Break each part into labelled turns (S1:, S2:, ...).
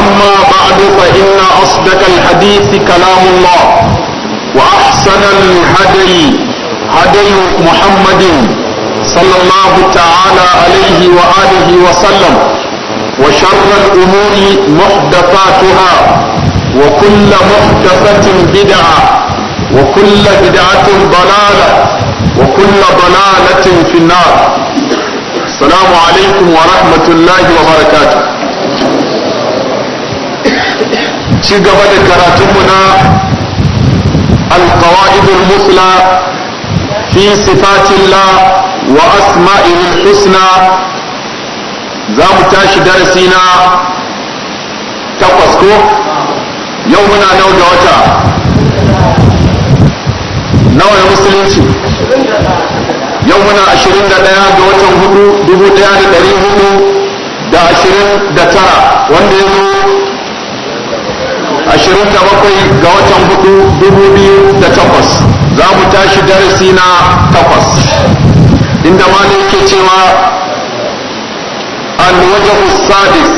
S1: أما بعد فإن أصدق الحديث كلام الله وأحسن الهدي هدي محمد صلى الله تعالى عليه وآله وسلم وشر الأمور محدثاتها وكل محدثة بدعة وكل بدعة ضلالة وكل ضلالة في النار السلام عليكم ورحمة الله وبركاته ci gaba da karatunmu na alkawa'idul musla fi sifatillah wa asma'il husna za mu tashi darasi na takwas ko yau muna nau da wata nawa ya musulunci yau muna ashirin da ɗaya ga watan hudu dubu ɗaya da ɗari hudu da ashirin da tara wanda ya zo ashirin da bakwai ga watan hudu dubu biyu da takwas za mu tashi darasi na takwas inda mana yake cewa alwajahu sadis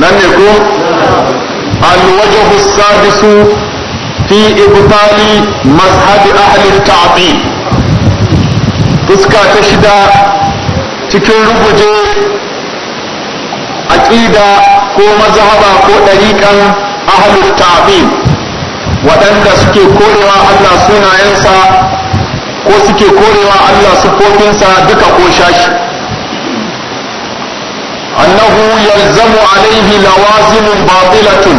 S1: nan ne ko alwajahu sadisu fi ibtali mazhabi ahli ta'bi fuska ta shida cikin rubuje aqida ko mazhaba ko dariqan ahlul ta'bid waɗanda suke korewa Allah sunayensa ko suke korewa Allah sufofinsa duka ko shashi annahu yalzamu alaihi lawazim batilatun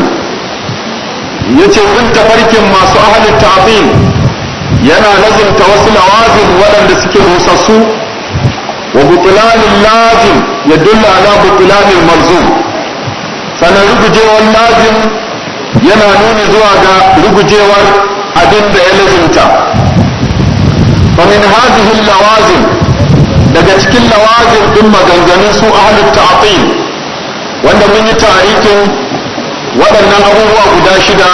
S1: yace bin tafarkin masu ahlul ta'bid yana lazimta wasu lawazim waɗanda suke rusassu wa butulanin lajin ya dulla ala butulanin marzum sannan rugujewar lajin yana nuna zuwa ga rugujewar abin da ya lazimta ومن هذه اللوازم daga cikin lawazim ɗin maganganun su ahlul ta'til wanda mun yi tarihin waɗannan abubuwa guda shida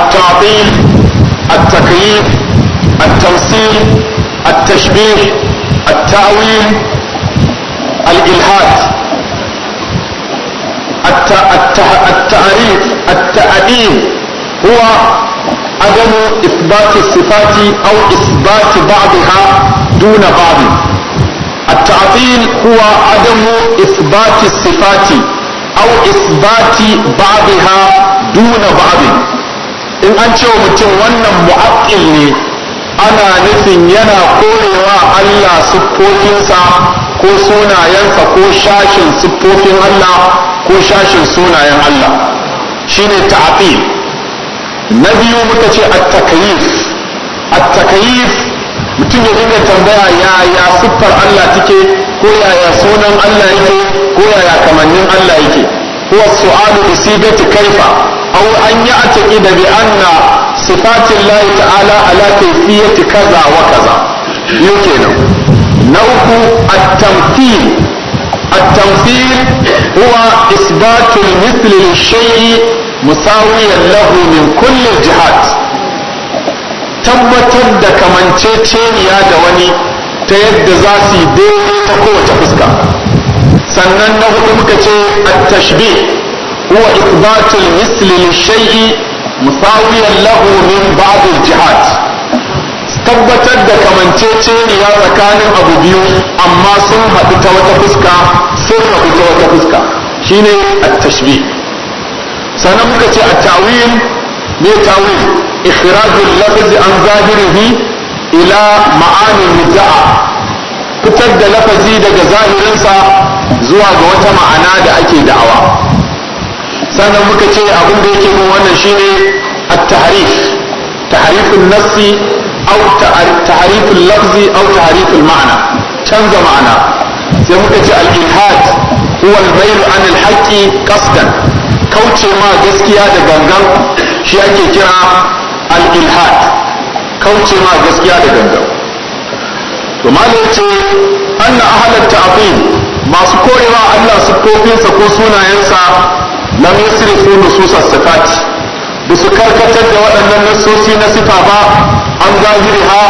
S1: at-ta'til
S2: at-takyif at-tamsil
S1: at-tashbih التأويل الإلحاد التعريف التأديم هو عدم إثبات الصفات أو إثبات بعضها دون بعض التعطيل هو عدم إثبات الصفات أو إثبات بعضها دون بعض إن أنت ومتن ونم معطل ana nufin yana korewa Allah siffofinsa ko sunayensa ko shashin siffofin Allah ko shashin sunayen Allah shine ta'atil na biyu muka ce at-takyif at-takyif mutum ya dinga tambaya yaya siffar Allah take ko yaya sunan Allah yake ko yaya kamannin Allah yake huwa su'alu bi sigati kaifa aw an ya'taqida bi anna sifatillahi ta'ala ala kayfiyati kaza wa kaza yau kenan na uku at-tamthil uwa هو إثبات المثل للشيء مساويا له من كل tabbatar da kamanceceniya da wani ta yadda za su yi daidai ta kowace fuska sannan na hudu muka ce at-tashbih huwa ithbatul misli lishay'i musawiyan lahu min ba'd al tabbatar da kamanceceniya tsakanin abu biyu amma sun haɗu ta wata fuska sun rabu ta wata fuska shine at-tashbih sannan muka ce a tawil ne ta'wil ikhrajul lafzi an zahirihi ila ma'anin mudaa fitar da lafazi daga zahirinsa zuwa ga wata ma'ana da ake da'awa sannan muka ce abin da yake bin wannan shine at-tahrif tahrifun nassi aw tahriful lafzi aw tahriful ma'ana canza ma'ana sai muka ce al-ilhad huwa al-bayr an al-haqqi qasdan kauce ma gaskiya da gangan shi ake kira al-ilhad kauce ma gaskiya da gangan to malai ce anna ahlat ta'dil masu korewa Allah siffofinsa ko sunayensa lam yasrifu nususas sifat ba su karkatar da waɗannan nassosi na sifa ba an ha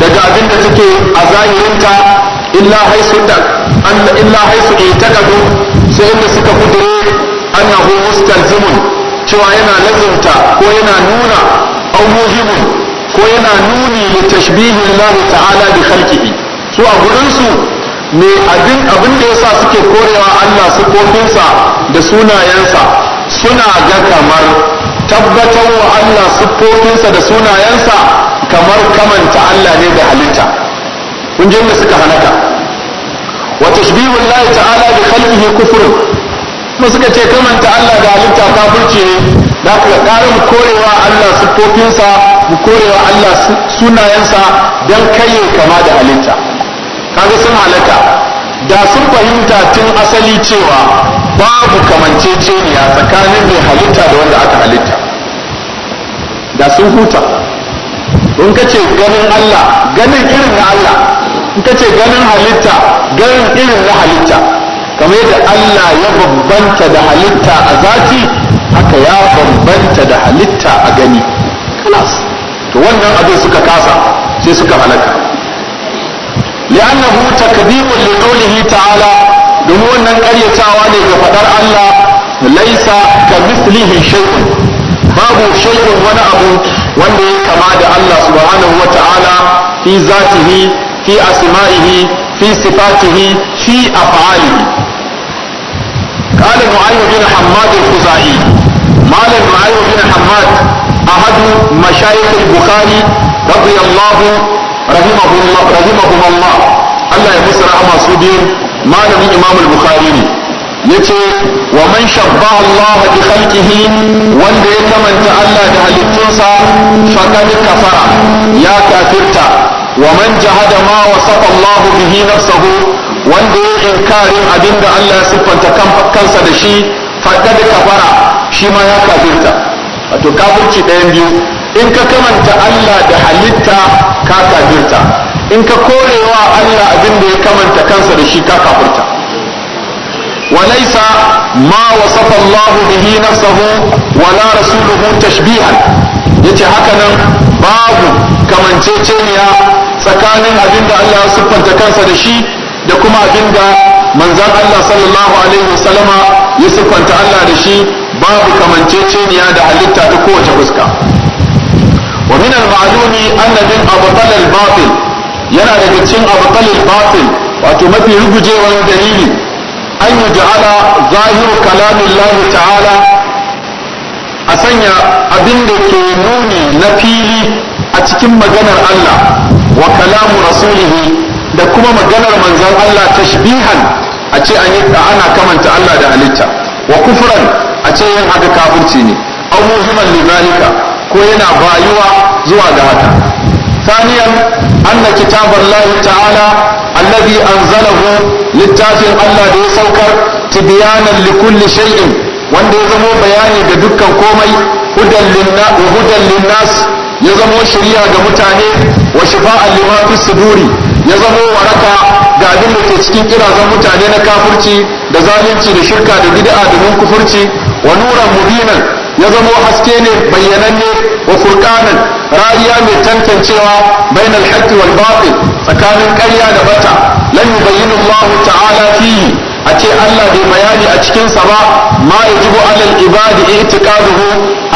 S1: daga abin da take a zahirinta illa haisu da illa haisu itakadu sai inda suka kudure annahu mustalzimun cewa yana lazimta ko yana nuna au ko yana nuni li tashbihi Allah ta'ala bi khalqihi su a gurin me abin abin da yasa suke korewa Allah sukofinsa da sunayensa suna ga kamar tabbatar wa Allah sukofinsa da sunayensa kamar kamanta Allah ne da halitta kun da suka halaka wa tashbihu Allah ta'ala bi khalqihi kufr kuma suka ce kamanta Allah da halitta kafirci ne da ka ƙarin korewa Allah sukofinsa mu korewa Allah sunayensa dan kai kama da halitta kaga sun halaka da sun fahimta tun asali cewa babu kamanceceniya tsakanin mai halitta da wanda aka halitta da sun huta in ka ce ganin Allah ganin irin na Allah in ka ce ganin halitta ganin irin na halitta kamar yadda Allah ya bambanta da halitta a zati haka ya bambanta da halitta a gani kalas to wannan abin suka kasa sai suka halaka لأنه تكذيب لقوله تعالى دمونا قرية تعالي بقدر الله ليس كمثله شيء باب شيء ونأب وانه كما دع الله سبحانه وتعالى في ذاته في أسمائه في صفاته في أفعاله قال معين بن حماد الخزاعي مال معين بن حماد أحد مشايخ البخاري رضي الله rahimahumullah rahimahumullah Allah ya musu rahama masu biyu malamin Imam al-Bukhari ne yace wa man shabba Allah bi khalqihi wanda ya kamanta Allah da halittunsa faqad kafara ya kafirta wa man jahada ma wasafa Allah bihi nafsahu wanda ya inkarin abinda Allah ya siffanta kansa da shi faqad kafara shi ma ya kafirta wato kafirci ɗayan biyu in ka kamanta Allah da halitta ka kafirta in ka korewa Allah abin da ya kamanta kansa da shi ka ma وليس ما وصف الله به نفسه ولا رسوله تشبيها yace haka nan babu kamanceceniya tsakanin abin da Allah ya siffanta kansa da shi da kuma abin da manzan Allah sallallahu ya siffanta Allah da shi babu kamanceceniya da halitta ta kowace fuska min al-ma'lum anna min abtal yana daga cikin abtal al-batil wato mafi rugujewan dalili an yuj'ala zahiru kalamillahi ta'ala a sanya abin da ke nuni na fili a cikin maganar Allah wa kalamu rasulihi da kuma maganar manzon Allah tashbihan a ce an yi ana kamanta Allah da halitta wa kufran a ce yin haka kafirci ne aw muhimman lidhalika ko yana bayuwa zuwa ga haka ثانيا أن كتاب الله تعالى الذي littafin Allah da ya تبيانا لكل شيء wanda ya zamo bayani da dukkan komai hudan linnas ya zamo shirya ga mutane wa shifa'an lima fi suduri ya zamo waraka ga abin ke cikin kirazan mutane na kafirci da zalunci da shirka da bid'a da mun kufurci wa nuran mubinan ya zamo haske ne bayyananne wa furqanan rariya mai tantancewa bainal haqqi wal batil tsakanin ƙarya da bata lan yubayyinu Allah ta'ala fihi a ce Allah bai bayani a cikin sa ba ma alal ibadi i'tiqaduhu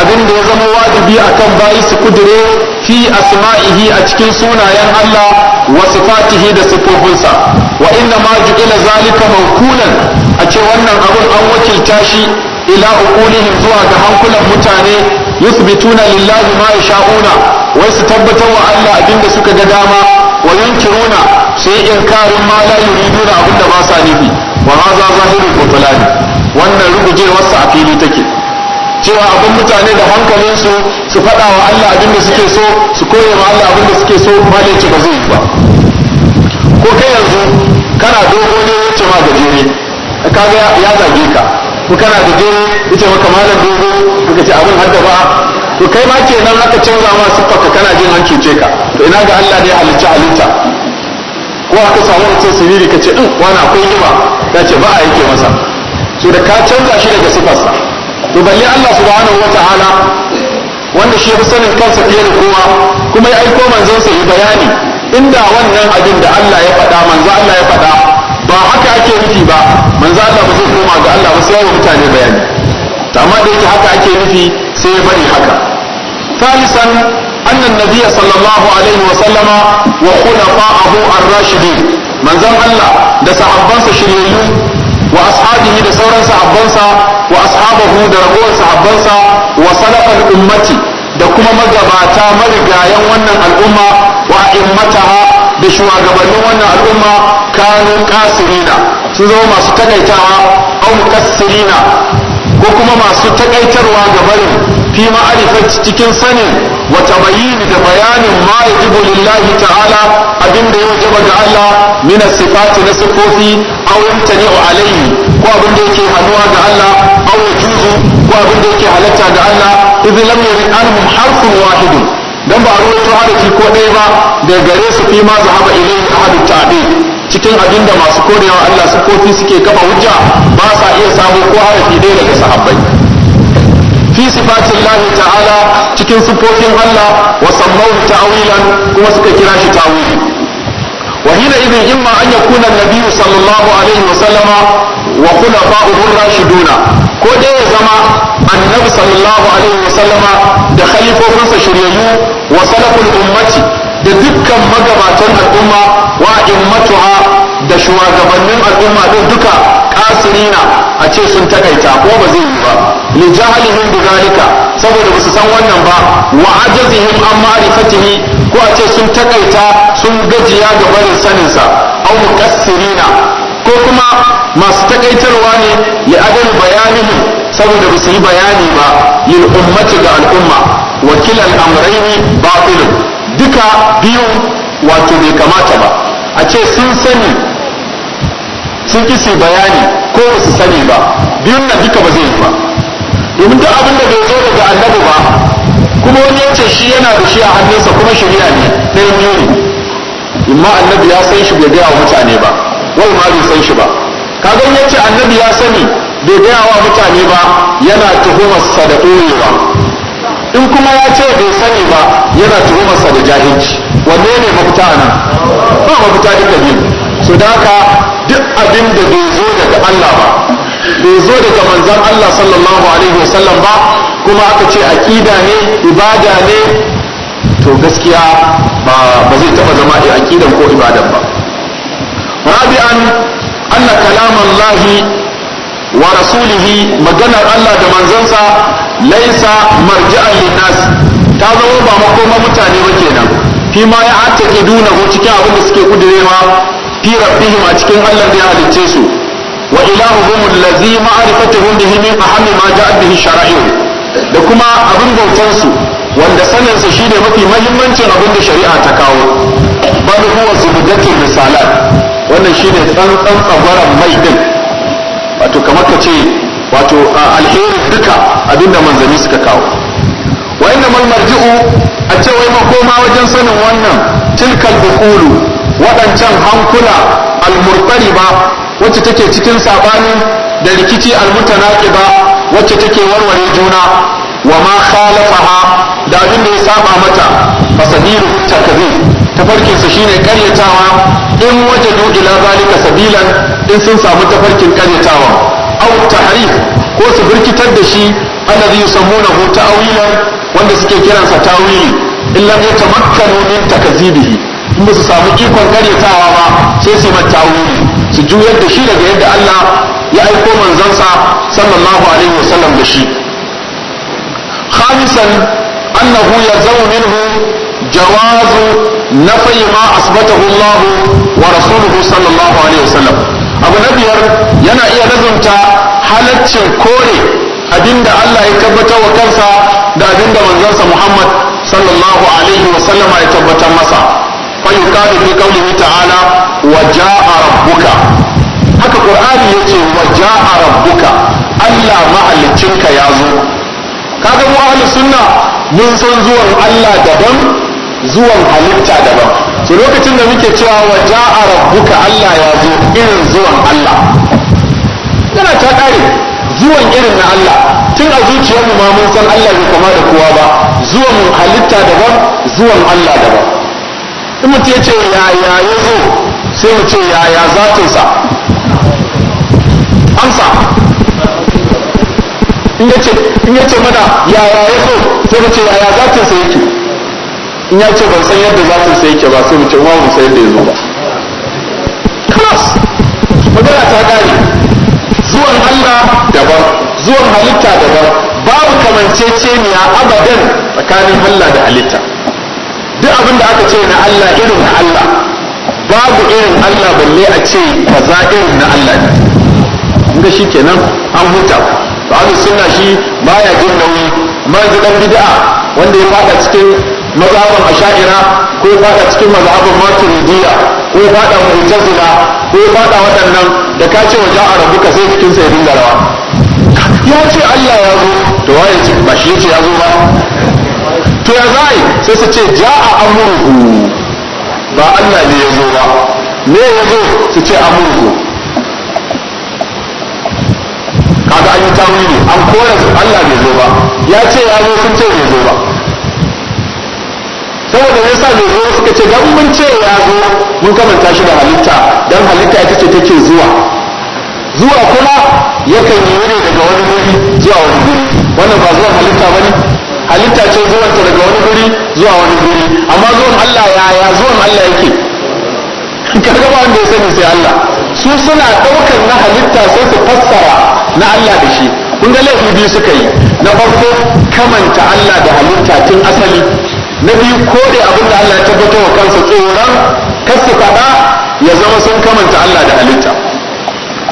S1: abin da ya zama wajibi akan bayi su kudure fi asma'ihi a cikin sunayen Allah wa sifatihi da sifofinsa wa inna ma ju'ila zalika mawkulan a ce wannan abin an wakilta shi ila uqulihim zuwa ga hankulan mutane yusbituna lillahi ma yasha'una wai su tabbatar wa Allah abinda suka ga dama wa yunkiruna sai inkarin ma la yuriduna abinda ba sa nufi wa hadha zahiru butlan wannan rubuje wasu a fili take cewa abin mutane da hankalinsu su faɗa wa Allah abinda suke so su koya wa Allah abinda suke so ba da ba zai ba ko kai yanzu kana dogo ne wuce ma gajere kaga ya zage ka to kana da jini yace maka malam dogo kuka ce abin hadda ba to kai ma nan aka canza ma ka kana jin an cuce ka to ina ga Allah ne halitta halitta ko aka samu mutum siriri ka ce mm, wani akwai yima ya ce ba a yake masa to da ka canza shi daga sa to balle Allah subhanahu wataala wanda shi fi sanin kansa fiye da kowa kuma ya aiko manzon sa ya bayani inda wannan abin da Allah ya faɗa manzo Allah ya faɗa ba haka ake rufi ba manzo Allah ba zai koma ga Allah ba sai ya mutane bayani amma da yake haka ake rufi sai ya bari haka talisan anna nabiyya sallallahu alaihi wa sallama wa khulafa'ahu ar-rashidin manzon Allah da sahabbansa shiryayyu wa ashabihi da sauran sahabbansa wa ashabahu da ragowar sahabbansa wa salafal ummati da kuma magabata marigayen wannan al'umma wa immataha da shugabannin wannan al'umma kanun kasirina sun zama masu takaitawa au mukassirina ko kuma masu takaitarwa ga barin fi ma'arifat cikin sanin wata bayini da bayanin ma yajibu lillahi ta'ala abinda ya wajaba ga Allah min sifati na sifofi aw a alayhi ko abinda yake hannuwa ga Allah aure yajuzu ko abinda yake halatta ga Allah idh lam yurid anhum harfun wahidun dan ba ruwaito harafi ko ɗaya ba da gare su fi ma zahaba ilayhi ahadu ta'bid cikin abin da masu korewa Allah kofi suke kafa hujja ba sa iya samu ko harafi ɗaya daga sahabbai fi sifatillahi ta'ala cikin sifofin Allah wa sammahu ta'wilan kuma suka kira shi ta'wili wa hina idin imma an yakuna an-nabiyyu sallallahu alaihi wa sallama wa khulafa'uhu ar-rashiduna ko dai ya zama annabi sallallahu alaihi wa da khalifofinsa shiryayyu wa salaful ummati da dukkan magabatan al'umma wa immatuha da shugabannin al'umma din duka kasirina a ce sun takaita ko ba zai yi ba li jahalihim zalika saboda ba su san wannan ba wa ajazihim an ma'rifatihi ko a ce sun takaita sun gajiya ga barin sanin sa aw mukassirina ko kuma masu taƙaitarwa ne li adam bayanihim saboda ba su yi bayani ba lil ummati ga al'umma wa kilal amrayni batil duka biyun wato bai kamata ba a ce sun sani sun ki su bayani ko ba su sani ba biyun nan duka ba zai yi ba domin duk abin da bai zo daga annabi ba kuma wani ya ce shi yana da shi a hannunsa kuma shari'a ne na yin yuri amma annabi ya san shi bai gaya wa mutane ba wal ma bai san shi ba kaga ya ce annabi ya sani bai gaya wa mutane ba yana tuhumarsa da ɗorewa in kuma ya ce bai sani ba yana tuhumarsa da jahilci wanne ne mafita nan ba mafita duka biyu su da duk abin da bai zo daga Allah ba bai zo daga manzan Allah sallallahu alaihi wasallam ba kuma aka ce aƙida ne ibada ne to gaskiya ba zai taɓa zama a aƙidan ko ibadan ba rabi'an anna kalaman lahi wa rasulihi maganar Allah da manzansa laisa marji'an linnas ta zama ba makoma mutane ba kenan fi ma ya ake duna ko cikin abin da suke kudurewa fi rabbihim a cikin Allah da ya halicce su wa ilahuhum allazi ma'rifatuhum bihi min ahammi ma ja'a bihi shara'i'u da kuma abin bautar su wanda sanin sa shine mafi muhimmancin abin da shari'a ta kawo bal huwa zubdatul risalat wannan shine tsantsan tsagwaran mai din wato kamar ka ce wato alheri duka abinda manzanni suka kawo wa inna mal marji'u a cewa wai makoma wajen sanin wannan tilkal uqulu waɗancan hankula almurtari ba wacce take cikin saɓani da rikici almutanaki ba wacce take warware juna wa ma ha, da abin da ya saba mata fasabiru takzib tafarkinsa shine karyatawa in wajadu ila zalika sabilan in sun samu tafarkin karyatawa aw tahrif ko su birkitar da shi alladhi yusammunahu ta'wilan wanda suke kiransa tawili in lam yatamakkanu min takzibihi ba su samu ikon karyatawa ba sai su mata wuri su juyar da shi daga yadda Allah ya aiko manzansa sallallahu alaihi wasallam da shi khamisan annahu ya zama minhu jawazu na ma asbatahu Allah wa rasuluhu sallallahu alaihi wasallam abu na biyar yana iya nazumta halaccin kore abinda Allah ya tabbatar wa kansa da abinda manzansa Muhammad sallallahu alaihi wasallam ya tabbatar masa fayuqalu fi qawlihi ta'ala wa jaa rabbuka haka qur'ani yace wa jaa rabbuka Allah mahaliccinka ya yazo, kaga mu ahli sunna mun san zuwan Allah daban zuwan halitta daban to lokacin da muke cewa wa jaa rabbuka Allah yazo irin zuwan Allah yana ta kare zuwan irin na Allah tun a zuciyarmu ma mun san Allah bai kama da kowa ba zuwan halitta daban zuwan Allah daban in mutum ya ce yaya ya zo sai mu ce yaya sa, amsa in ya ce mana yaya ya zo sai mu ce yaya sa yake in ya ce ban san yadda sa yake ba sai mu ce umaru musa yadda ya zo ba kalas magana ta gari zuwan allah daban zuwan halitta daban babu kamanceceniya abadan tsakanin allah da halitta duk abin da aka ce na Allah irin na Allah babu irin Allah balle a ce kaza irin na Allah ne inda shi kenan an huta ba ahlus sunna shi baya jin nauyi dan bid'a wanda ya fada cikin mazhabin asha'ira ko ya fada cikin mazhabin maturidiyya ko ya fada mu'tazila ko ya fada waɗannan da ka ce wajen a sai cikin sai dinga rawa ya ce Allah ya zo to waye ce ba shi ya ce ya zo ba to ya za sai su ce ja a amurhu ba Allah ne ya zo ba ne ya zo su ce amurhu kaga an yi tawili an kora Allah ya zo ba ya ce ya zo sun ce ya zo ba saboda ya sa ne zo suka ce don mun ce ya zo mun kamanta shi da halitta don halitta ita ce take zuwa zuwa kuma yakan yi ne daga wani wuri zuwa wani wuri wannan ba zuwa halitta ne. halitta ce zuwan ta daga wani guri zuwa wani guri amma zuwan Allah ya ya zuwan Allah yake kaga ba wanda ya sani sai Allah su suna daukar na halitta sai su fassara na Allah da shi kun ga laifi biyu suka yi na farko kamanta Allah da halitta tun asali na biyu ko da abin da Allah ya tabbata wa kansa tsoron kasu faɗa ya zama sun kamanta Allah da halitta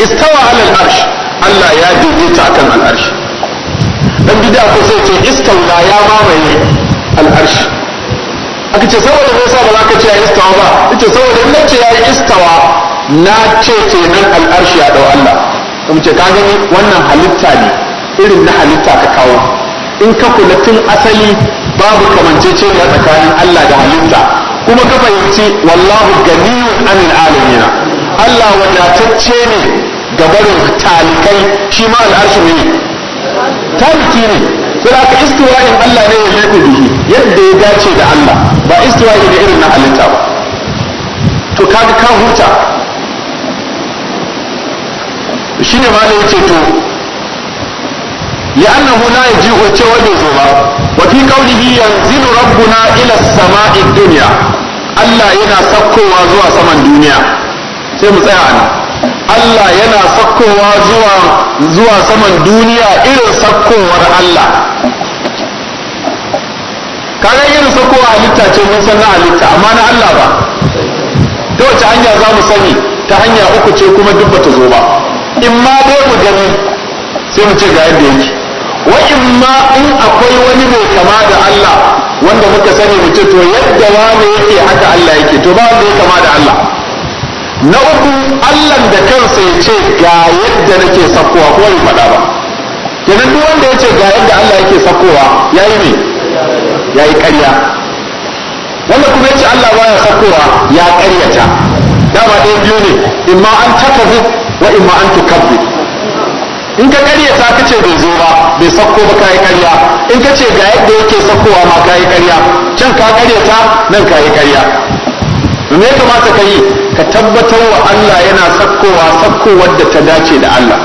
S1: istawa alal arsh Allah ya ta akan al dan bid'a ko sai ce istaula ya mamaye al'arshi aka ce saboda ne ba za ka ce ya istawa ba ita saboda ina ce ya istawa na ce nan al'arshi ya dau Allah kuma ce ka gani wannan halitta ne irin na halitta ka kawo in ka kula tun asali babu kamanceceniya tsakanin Allah da halitta kuma ka fahimci wallahu ganiyun anil alamin Allah wadatacce ne ga barin talikai shi ma al'arshi ne tarki ne sai aka istiwa'in Allah ne ya ku bihi yadda ya dace da Allah ba istiwa'i da irin na halitta ba to kaga ka huta shine ma da yace to لأنه wa fi qawlihi yanzilu rabbuna ila as-sama'i ad-dunya Allah yana sakkowa zuwa saman duniya sai mu tsaya nan Allah yana sakkowa zuwa zuwa saman duniya irin sakkowar Allah kaga irin sakkowa halitta ce mun san na halitta amma na Allah ba ta wace hanya za mu sani ta hanya uku ce kuma duk bata zo ba in ma dai mu gani sai mu ce ga yadda yake
S2: wa in ma in akwai wani mai kama da Allah wanda muka sani mu ce to yadda wani yake haka Allah yake to ba wanda ya kama
S1: da Allah na uku Allah da kansa ya ce ga yadda nake sakowa ko yi faɗa ba kenan duk wanda ya ce ga yadda Allah yake sakowa ya yi ne? ya yi ƙarya wanda kuma ya ce Allah baya sakowa ya ƙaryata dama ɗaya biyu ne in ma an taka zu wa in ma an tukabbi in ka ƙaryata ka ce bai zo ba bai sakko ba kayi ƙarya in ka ce ga yadda yake sakowa ma kayi karya, can ka ƙaryata nan ka yi karya. me ya kamata ka yi ka tabbatar wa Allah yana sakkowa sakkowar da ta dace da Allah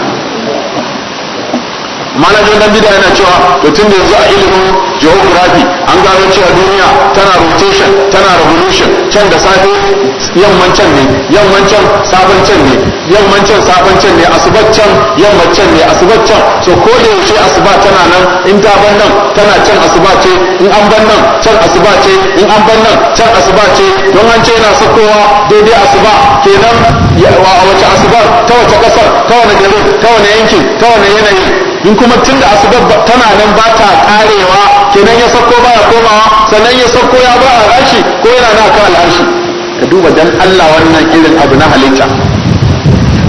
S1: malamin dan bida yana cewa mutum da yanzu a ilimin geography an gano cewa duniya tana rotation tana revolution can da safe yamman can ne yamman can sabon can ne yamman can sabon can ne asubar can yamman ne asubar can so ko da yaushe asuba tana nan in ta ban nan tana can asuba ce in an ban nan can asuba ce in an ban nan can asuba ce don an ce yana sakowa daidai asuba kenan a wace asubar ta wace kasar ta wane garin ta wane yankin ta wane yanayi in kuma tun da asubar tana nan ba ta karewa kenan ya sako baya komawa sannan ya sako ya ba a ko yana na kan al'arshi ka duba dan Allah wannan irin abu na halitta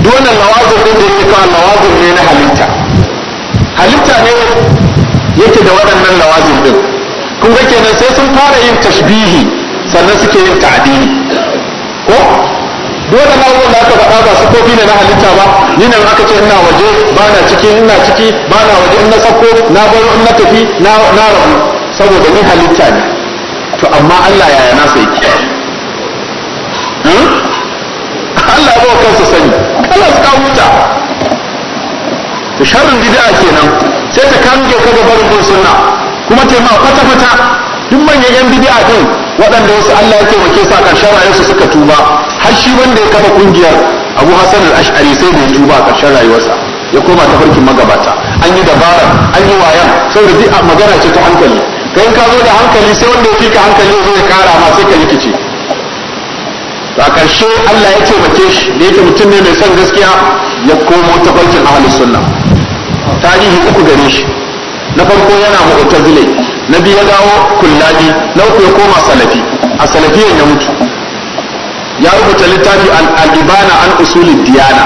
S1: duk wannan lawazin din da yake kawo lawazin ne na halitta halitta ne yake da waɗannan lawazin din kun ga kenan sai sun fara yin tashbihi sannan suke yin ta'dili ko duk wannan abubuwan da aka faɗa ba su kofi ne na halitta ba ni nan aka ce ina waje ba na ciki ina ciki ba na waje Ina na sako na baro ina tafi na rabu saboda ni halitta ne to amma Allah yaya na sai Hmm? Allah ba kansa sani kana suka huta sharrin bid'a kenan sai ta kange ka ga barin sunna kuma ta ma fata fata duk manyan yan bid'a din waɗanda wasu Allah ya taimake su a ƙarshen rayuwarsu suka tuba har shi wanda ya kafa kungiyar Abu Hassan al-Ash'ari sai da ya tuba a rayuwarsa ya koma ta farkin magabata an yi dabara an yi wayan saboda duk magana ce ta hankali kai ka zo da hankali sai wanda ya fika hankali zai kara ma sai ka rikice a ƙarshe Allah ya taimake shi da yake mutum ne mai son gaskiya ya komo ta farkin ahalus sunna tarihi uku gare shi na farko yana mu'tazile na biyu ya dawo kullabi na uku ya koma salafi a salafiyan ya mutu ya rubuta littafi al-ibana an usulid diyana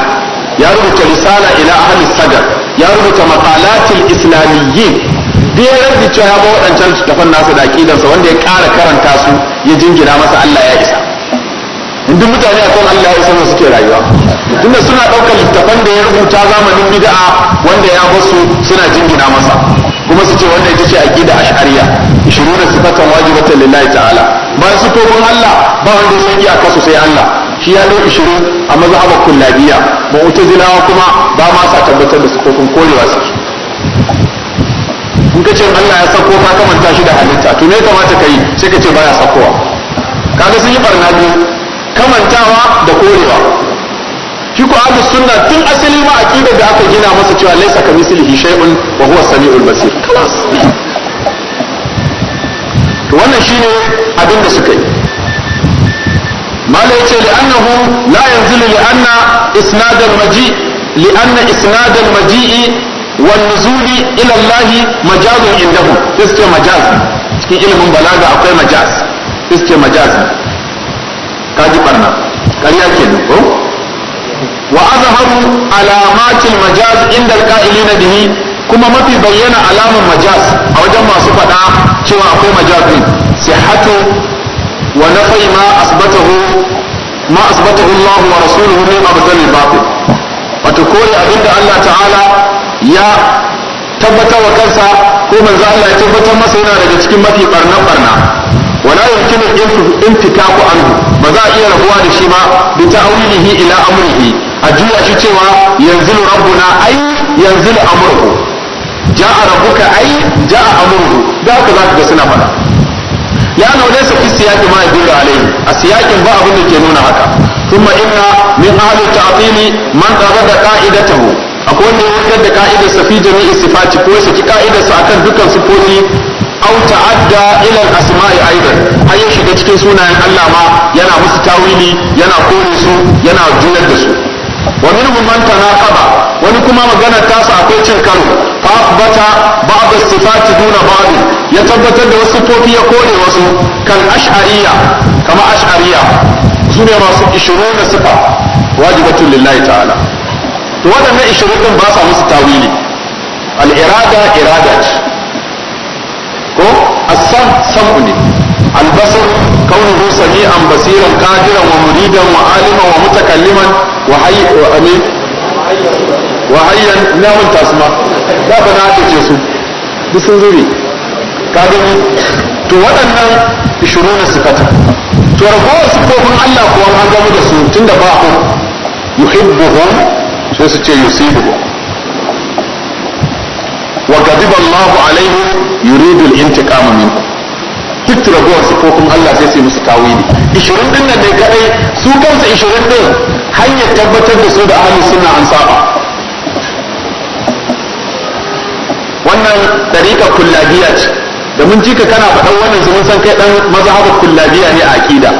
S1: ya rubuta risala ila ahli sadar ya rubuta maqalatil islamiyyin da ya cewa ya ba waɗancan da nasa da aqidarsa wanda ya ƙara karanta su ya jingina masa Allah ya isa inda mutane a akan Allah ya sanar suke rayuwa tunda suna ɗaukar littafan da ya rubuta zamanin bid'a wanda ya basu suna jingina masa kuma su ce wannan ita ce aqida ash'ariya shuruna sifatan wajibatan lillahi ta'ala bayan sifofin Allah ba wanda ya sanya iyaka su sai Allah shi ya dau 20 a mazhabar kullabiya zinawa kuma ba ma sa tabbatar da su kofin korewa suke in ka ce Allah ya sako ka kamanta shi da halitta to me kamata ka sai ka ce baya sakowa kaga sun yi barna biyu kamantawa da korewa shi ko ahlus sunna tun asali ma aqidar da aka gina masa cewa laysa kamislihi shay'un wa huwa samiul basir kalas to wannan shine abin da suka yi mala yace li'annahu la yanzilu li'anna isnad al-maji li'anna isnad al-maji'i wan nuzuli ila Allah majazun indahu cikin ilimin balaga akwai majaz sai kaji barna ƙarya kenan ko wa azharu alamatil majaz inda alqa'ilina bihi kuma mafi bayyana alamar majaz a wajen masu faɗa cewa akwai majaz din sihhatu wa nafai ma asbatahu ma asbatahu Allah wa rasuluhu min abdal batil wato kore abinda Allah ta'ala ya tabbatar wa kansa ko manzo Allah ya tabbatar masa yana daga cikin mafi barna barna wala yumkinu intikaku anhu ba za a iya rabuwa da shi ba bi ta'wilihi ila amrihi a juya shi cewa yanzu rabbuna ai yanzu amruhu ja'a rabbuka ai ja'a amruhu da ka za ka ga suna fada ya no dai sa istiyaki ma yabi da alai a siyakin ba abin da ke nuna haka kuma inna min ahli ta'tili man qarada qa'idatahu akwai wanda ya wuce da ƙa'idar sa fi jami'i sifati ko ya saki ƙa'idar sa akan dukkan sifofi au ta'adda ila al-asma'i aidan har ya shiga cikin sunayen Allah ma yana musu tawili yana kore su yana junar da su wa minhum man tanaqaba wani kuma magana tasa akwai cin karo fa athbata ba'd as-sifat ya tabbatar da wasu sifofi ya kore wasu kan ash'ariyya kama ash'ariyya su ne masu 20 sifa wajibatun lillahi ta'ala to waɗannan 20 din ba musu tawili al-irada irada ko asam sam'u ne albasar kaunuhu an basiran kadiran wa muridan wa aliman wa mutakalliman wa hayy wa amin wa hayyan ina tasma da ba na ake su duk sun zuri ka gani to waɗannan na sifata to ragowar sifofin Allah kuwa an gamu da su tun da ba ku yuhibbuhum sai su ce yusibuhum wa ghadiba Allahu alaihi yuridu al-intiqam minkum su ko kuma Allah sai sai musu tawili ishirin din nan dai kadai su kansu ishirin din hanyar tabbatar da su da ahlus suna an saba wannan dariƙa kullabiya ce da mun ji ka kana faɗan wannan su mun san kai dan mazhabar kullabiya ne a aqida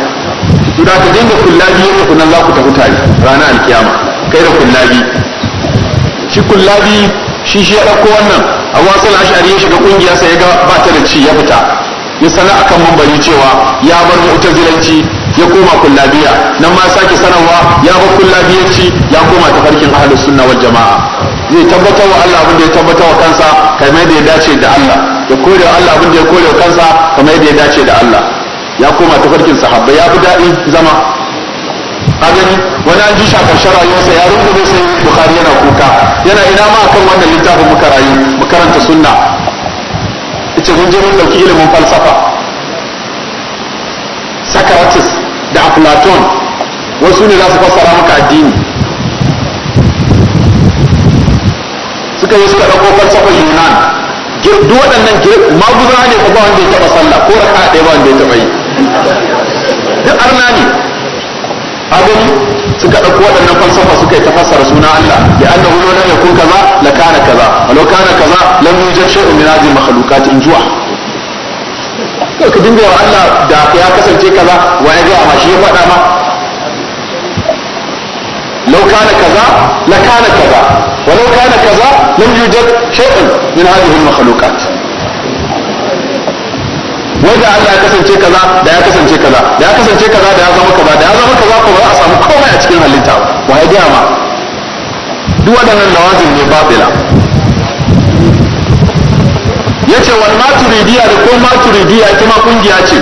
S1: to da ka dinga kullabi ne kunan za ku tafi tare ranar alkiyama kai da kullabi shi kullabi shi shi ya ɗauko wannan a asal ash'ari ya shiga ƙungiya sai ya ga ba ta da ci ya fita ya sana kan mambari cewa ya bar mu'tazilanci ya koma kullabiya nan ma sake sanarwa ya bar kullabiyanci ya koma tafarkin ahlus sunna wal jama'a zai tabbatar wa Allah abin da ya tabbatar wa kansa kamar da ya dace da Allah ya kore wa Allah abin da ya kore wa kansa kamar da ya dace da Allah ya koma tafarkin sahabbai ya bi daɗin zama ka wani an ji shi a ƙarshen ya rungume sai bukari yana kuka yana ina ma kan wannan littafin muka rayu mu sunna ita mun je mun ɗauki ilimin falsafa sakaratus da aflaton wasu ne za su fassara maka addini suka yi suka ɗauko falsafa yunan duk waɗannan maguza ne ko ba wanda ya taɓa sallah ko raka ɗaya ba wanda ya taɓa yi duk arna ne abin suka ɗauko waɗannan falsafa suka yi tafassara suna Allah da annahu law lam yakun kaza la kana kaza wa law kana kaza lam yujad shay'un min hadhihi makhluqat injuwa to ka dinga wa Allah da ya kasance kaza wa ya ga ma shi ya faɗa ma law kana kaza la kana kaza wa law kana kaza lam yujad shay'un min hadhihi makhluqat wanda Allah ya kasance kaza da ya kasance kaza da ya kasance kaza da ya zama kaza da ya zama kaza ko ba a samu komai a cikin halitta wa ya gaya ma duk waɗannan lawazin ne babila ce wal maturidiya da ko maturidiya kima kungiya ce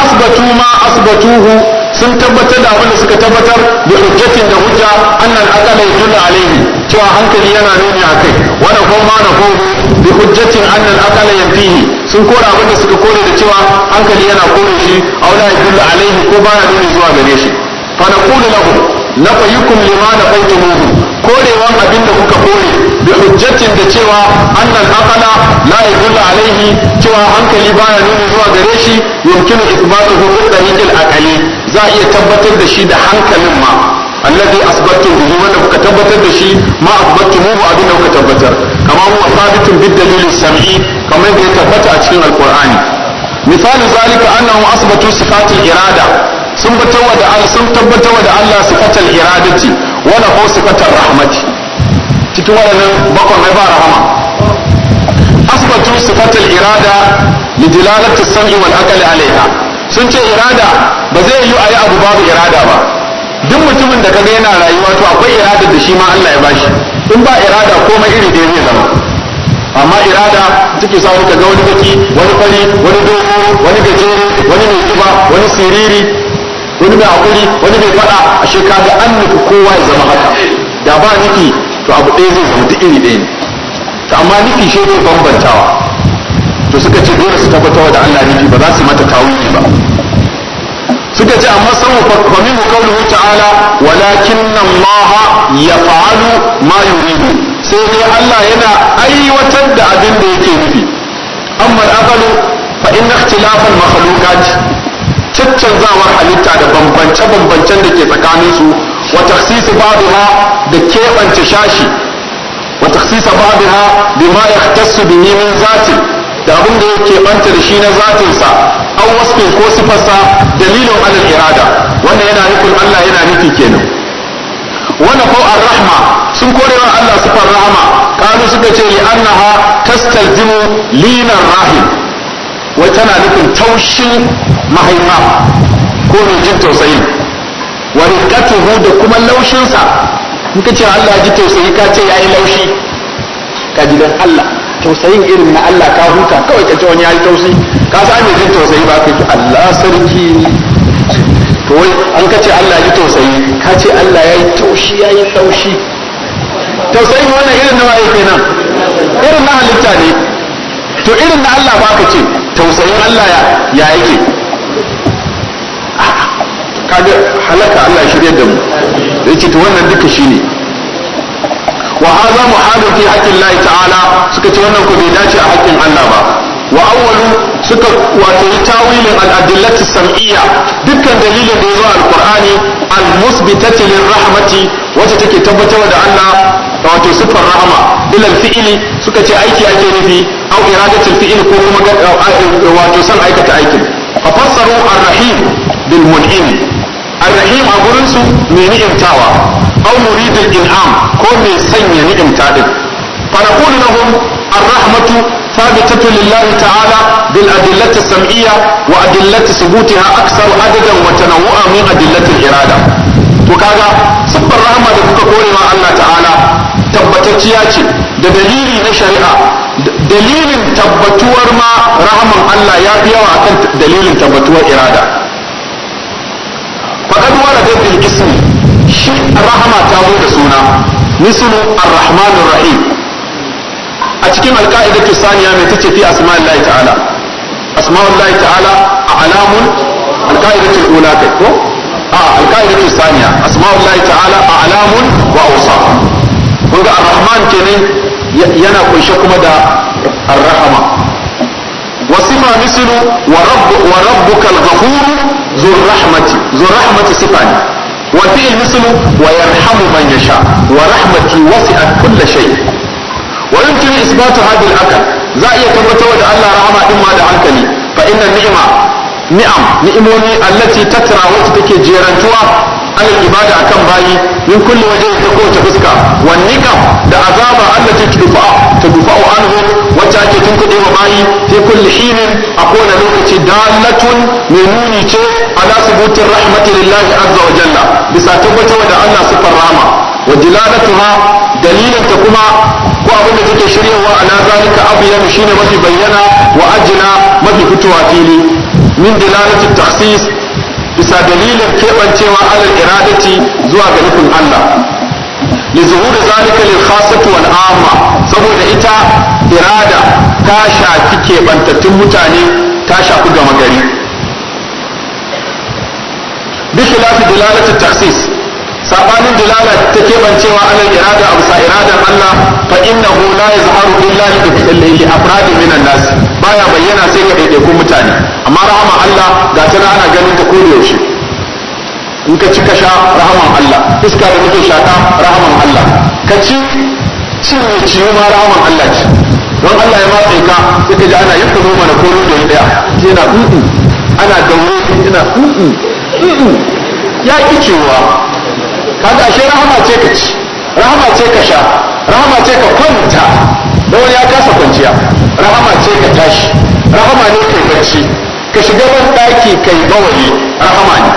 S1: asbatu ma asbatuhu sun tabbatar da abin da suka tabbatar da hujjatin da hujja annal ya dula alayhi cewa hankali yana nuni kai wannan kuma ma na kohu bi hujjatin akala ya yanfihi sun kora abin da suka kore da cewa hankali yana kore shi wani la dula alaihi ko baya nuni zuwa gare shi fa naqulu lahu nafayukum lima nafaytumuhu korewan abin da kuka kore bi hujjatin da cewa annan akala la dula alaihi cewa hankali baya nuni zuwa gare shi yumkinu ithbatuhu da tariqil akali za a iya tabbatar da shi da hankalin ma allazi asbatu bihi wanda kuka tabbatar da shi ma asbatu mu ba abin da kuka tabbatar kama huwa sabitun bid dalilin sam'i kamar yadda ya tabbata a cikin alqur'ani misalu zalika annahu asbatu sifatil irada sun tabbatar da Allah sun tabbatar da Allah sifatal iradati wala ko sifatar rahmati cikin waɗannan bakon mai ba rahama asbatu sifatal irada lidilalati sam'i wal aqli alaiha sun ce irada ba zai yi a yi abu babu irada ba duk mutumin da kaga yana rayuwa to akwai irada da shi ma Allah ya bashi in ba irada komai iri da zai zama amma irada take sa wani kaga wani baki wani fari wani dogo wani gajere wani mai zuba wani siriri wani mai hakuri wani mai fada a shekara an nufi kowa ya zama haka da ba niki to abu ɗaya zai zama duk iri ɗaya ne amma niki shi ne bambantawa to suka ce dole su tabbatar da Allah ne ba za su mata tawili ba suka ce amma samu famin qawluhu ta'ala walakin Allah fa'alu ma yuridu sai dai Allah yana aiwatar da abin da yake nufi amma al-aqlu fa inna ikhtilafa makhluqat caccanzawar halitta da bambance-bambancen da ke tsakaninsu wa babu ha da keɓance shashi wa takhsisu ba'daha bima yahtassu bihi min zati da abin da yake banta da shi na zatinsa an wasfin ko sifarsa dalilin alal irada wannan yana nufin Allah yana nufi kenan wannan ko ar-rahma sun korewa Allah sifar rahama kanu suka ce li annaha tastalzimu linar rahim wai tana nufin taushin mahaifa ko mai jin tausayi wa riqatuhu da kuma laushinsa in ce Allah ji tausayi ka ce yayi laushi ka ji dan Allah tausayin irin na Allah ka huta kawai ka wani ya yi tausayi ka sa mai jin tausayi ba ka ji Allah sarki to wai an ka ce Allah yi tausayi ka ce Allah ya yi taushi ya yi taushi tausayin wannan irin na waye kenan irin na halitta ne to irin na Allah ba ka ce tausayin Allah ya ya yake kaga halaka Allah shirye da mu yace to wannan duka shine wa hadha muhalun fi haqqi Allah ta'ala suka ce wannan ko bai dace a haƙƙin Allah ba wa awwalu suka wato yi tawilin al-adillati sam'iyya dukkan dalilin da yazo al-Qur'ani al-musbitati lirahmati wacce take tabbatar da Allah wato sifar rahama bilal fi'ili suka ce aiki ake nufi au iradatul fi'il ko kuma wato san aikata aikin fa fassaru ar-rahim bil mun'im ar-rahim a gurin su mai ni'imtawa aw muridul in'am ko mai sanya ni'imta din فنقول لهم الرحمة ثابتة لله تعالى بالأدلة السمعية وأدلة ثبوتها أكثر عددا وتنوعا من أدلة الإرادة وكذا سب الرحمة لكقول ما الله تعالى tabbatacciya ce da dalili na shari'a dalilin tabbatuwar ma rahaman Allah ya fi yawa akan dalilin tabbatuwar irada faɗaɗuwa da shi rahama ta zo da suna mislu ar-rahman rahim a cikin alƙa'ida saniya mai tace fi ta'ala asma'ullahi ta'ala a'lamun kai ko a saniya ta'ala a'lamun wa kun ga ar kunshe kuma da ar-rahama وصفة مثل ورب وربك الغفور ذو الرحمة ذو الرحمة صفة وفي مثله ويرحم من يشاء ورحمتي وسعت كل شيء ويمكن إثبات هذه الأكل زائية وتوجع الله رحمة إما لعنكني فإن النعمة نعم نعموني التي تترى وقتك جيرانتوا alal ibada a kan bayi min kulli waje ta kowace fuska wan nikam da azaba Allah ta tufa ta tufa anhu wacce ake tunkuɗe wa bayi fi kulli hinin a kowane lokaci dalatun mai nuni ce ala subutin rahmatin lillahi azza wa jalla bisa tabbatarwa da Allah sifar rahama wa jilalatuha dalilin ta kuma ko abin da take shiryawa ala zalika abyan shine mafi bayyana wa ajna mafi fitowa fili min dilalati tahsis bisa dalilin keɓancewa alal iradati zuwa ga nufin Allah li zuhuri zalika lil khassati wal amma saboda ita irada ta shafi keɓantattun mutane ta shafi gama gari bi khilafi dilalati sabanin dilala ta keɓancewa alal irada a bisa iradar Allah fa innahu la yazharu illa li afradi minan nas baya bayyana sai ka ɗaiɗaikun mutane amma rahama Allah ga ta ana ganin ka koda yaushe in ka ci ka sha rahaman Allah iska da kake shaka rahaman Allah ka ci cin ci ma rahaman Allah ci don Allah ya matse ka sai ka ji ana yin kuma mana koyo da ɗaya sai na hudu ana gauro ina hudu hudu ya ki cewa kaga ashe rahama ce ka ci rahama ce ka sha rahama ce ka kwanta don ya kasa kwanciya rahama ce ka tashi rahama ne kai bacci ka shiga ban daki kai bawali rahama ne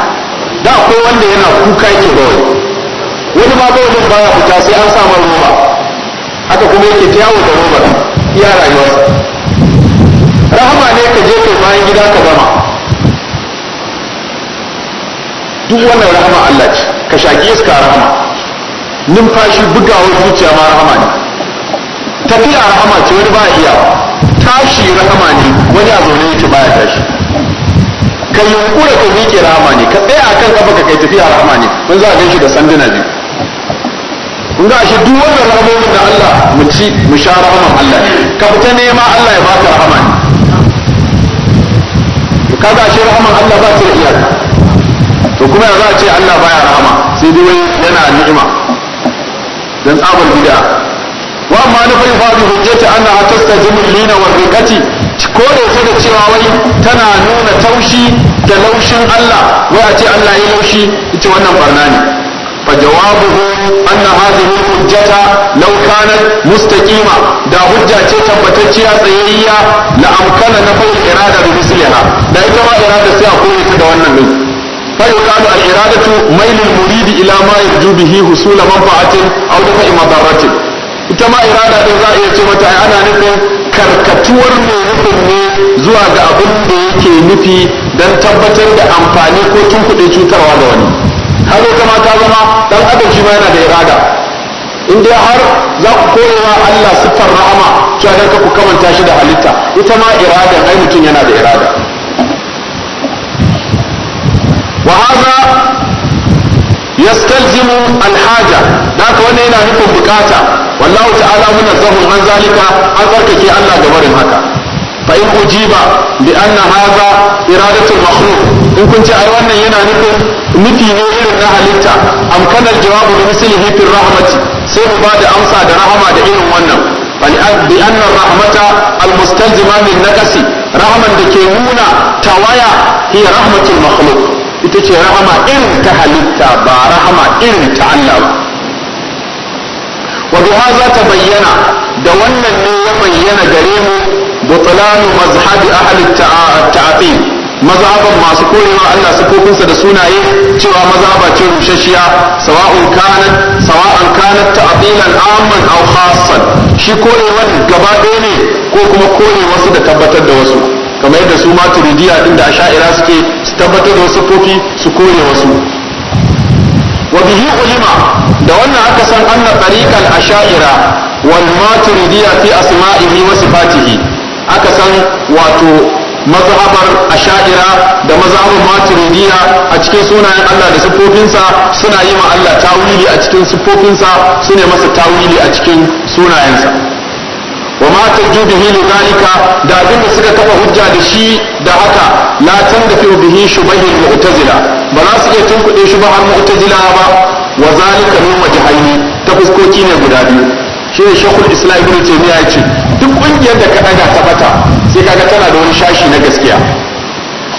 S1: da akwai wanda yana kuka yake bawali wani ma ba baya fita sai an samar roba haka kuma yake yawo da roba iya rayuwarsa rahama ne ka je kai bayan gida ka zama duk wannan rahama Allah ce ka shaki iska rahama numfashi bugawa zuciya ma rahama ne tafiya rahama ce wani ba iya tashi rahama ne wani a zaune yake baya tashi ka yi kura ka miƙe rahama ne ka tsaya akan kafa ka kai tafiya rahama ne mun za a gan da sanduna biyu kun ga shi duk wannan rahamomin da Allah mu ci mu sha rahaman Allah ka fita nema Allah ya baka rahama ne ka ga shi rahaman Allah ba ta iya to kuma ya za a ce Allah baya rahama sai dai wani yana ni'ima dan tsabar bid'a bihujjati annaha tastajimu lina wa rikati ko da da cewa wai tana nuna taushi da laushin Allah wai a ce Allah yi laushi ita wannan barna ne fa jawabuhu anna hadhihi hujjata law kanat mustaƙima da hujja ce tabbatacciya tsayayya la amkana na fa irada bi misliha da ita ma irada sai a koyi ta da wannan ne fa yuqalu al iradatu mailul murid ila ma yujibu bihi husula manfa'atin aw dafa'i madaratin ita ma irada din za a iya ce mata ana nufin karkatuwar mai nufin ne zuwa ga abin da yake nufi don tabbatar da amfani ko tunkuɗe cutarwa da wani
S2: har kama ta zama ɗan adam shi ma yana da irada
S1: in dai har za ku koyewa Allah siffar rahama cewa dan ku kamanta shi da halitta ita ma irada ai mutum yana da irada wa yastalzimu alhaja ka wannan yana nufin bukata wallahu ta'ala muna zahun an zalika an tsarkake Allah da barin haka fa in ujiba bi anna hadha iradatul makhluq in kun ce ai wannan yana nufin nufi ne irin na halitta amkanar aljawabu bi mislihi fi rahmati sai mu bada amsa da rahama da irin wannan bi anna rahmata almustalzima min naqasi rahman da ke nuna tawaya hiya rahmatul makhluq ita ce rahama irin ta halitta ba rahama irin ta Allah ba wadda ha za ta bayyana da wannan ne ya bayyana gare mu butulanu mazhabi ahli ta'ati mazhaban masu korewa Allah su sifofinsa da sunaye cewa mazhaba ce rushashiya sawa'un kanat sawa'an kanat ta'dilan amman aw khassan shi korewan gaba ɗaya ne ko kuma kore wasu da tabbatar da wasu kamar yadda su ma turidiya din da asha'ira suke su tabbatar da kofi su kore wasu wa bihi ulima da wannan aka san anna tariqal asha'ira wal maturidiya fi asma'ihi wa sifatihi aka san wato mazhabar asha'ira da mazhabar maturidiya a cikin sunayen Allah da sifofinsa suna yi ma Allah tawili a cikin sifofinsa su ne masa tawili a cikin sunayensa wa ma tajju bihi li da abin da suka kafa hujja da shi da haka la tandafi bihi shubahi mu'tazila ba za su iya tunkuɗe shubahar mu'tazila ba wa zalika min wajhaini ta fuskoki ne guda biyu shi ne shekul islam ibn taymiya ya ce duk ƙungiyar da ka daga ta bata sai kaga tana da wani shashi na gaskiya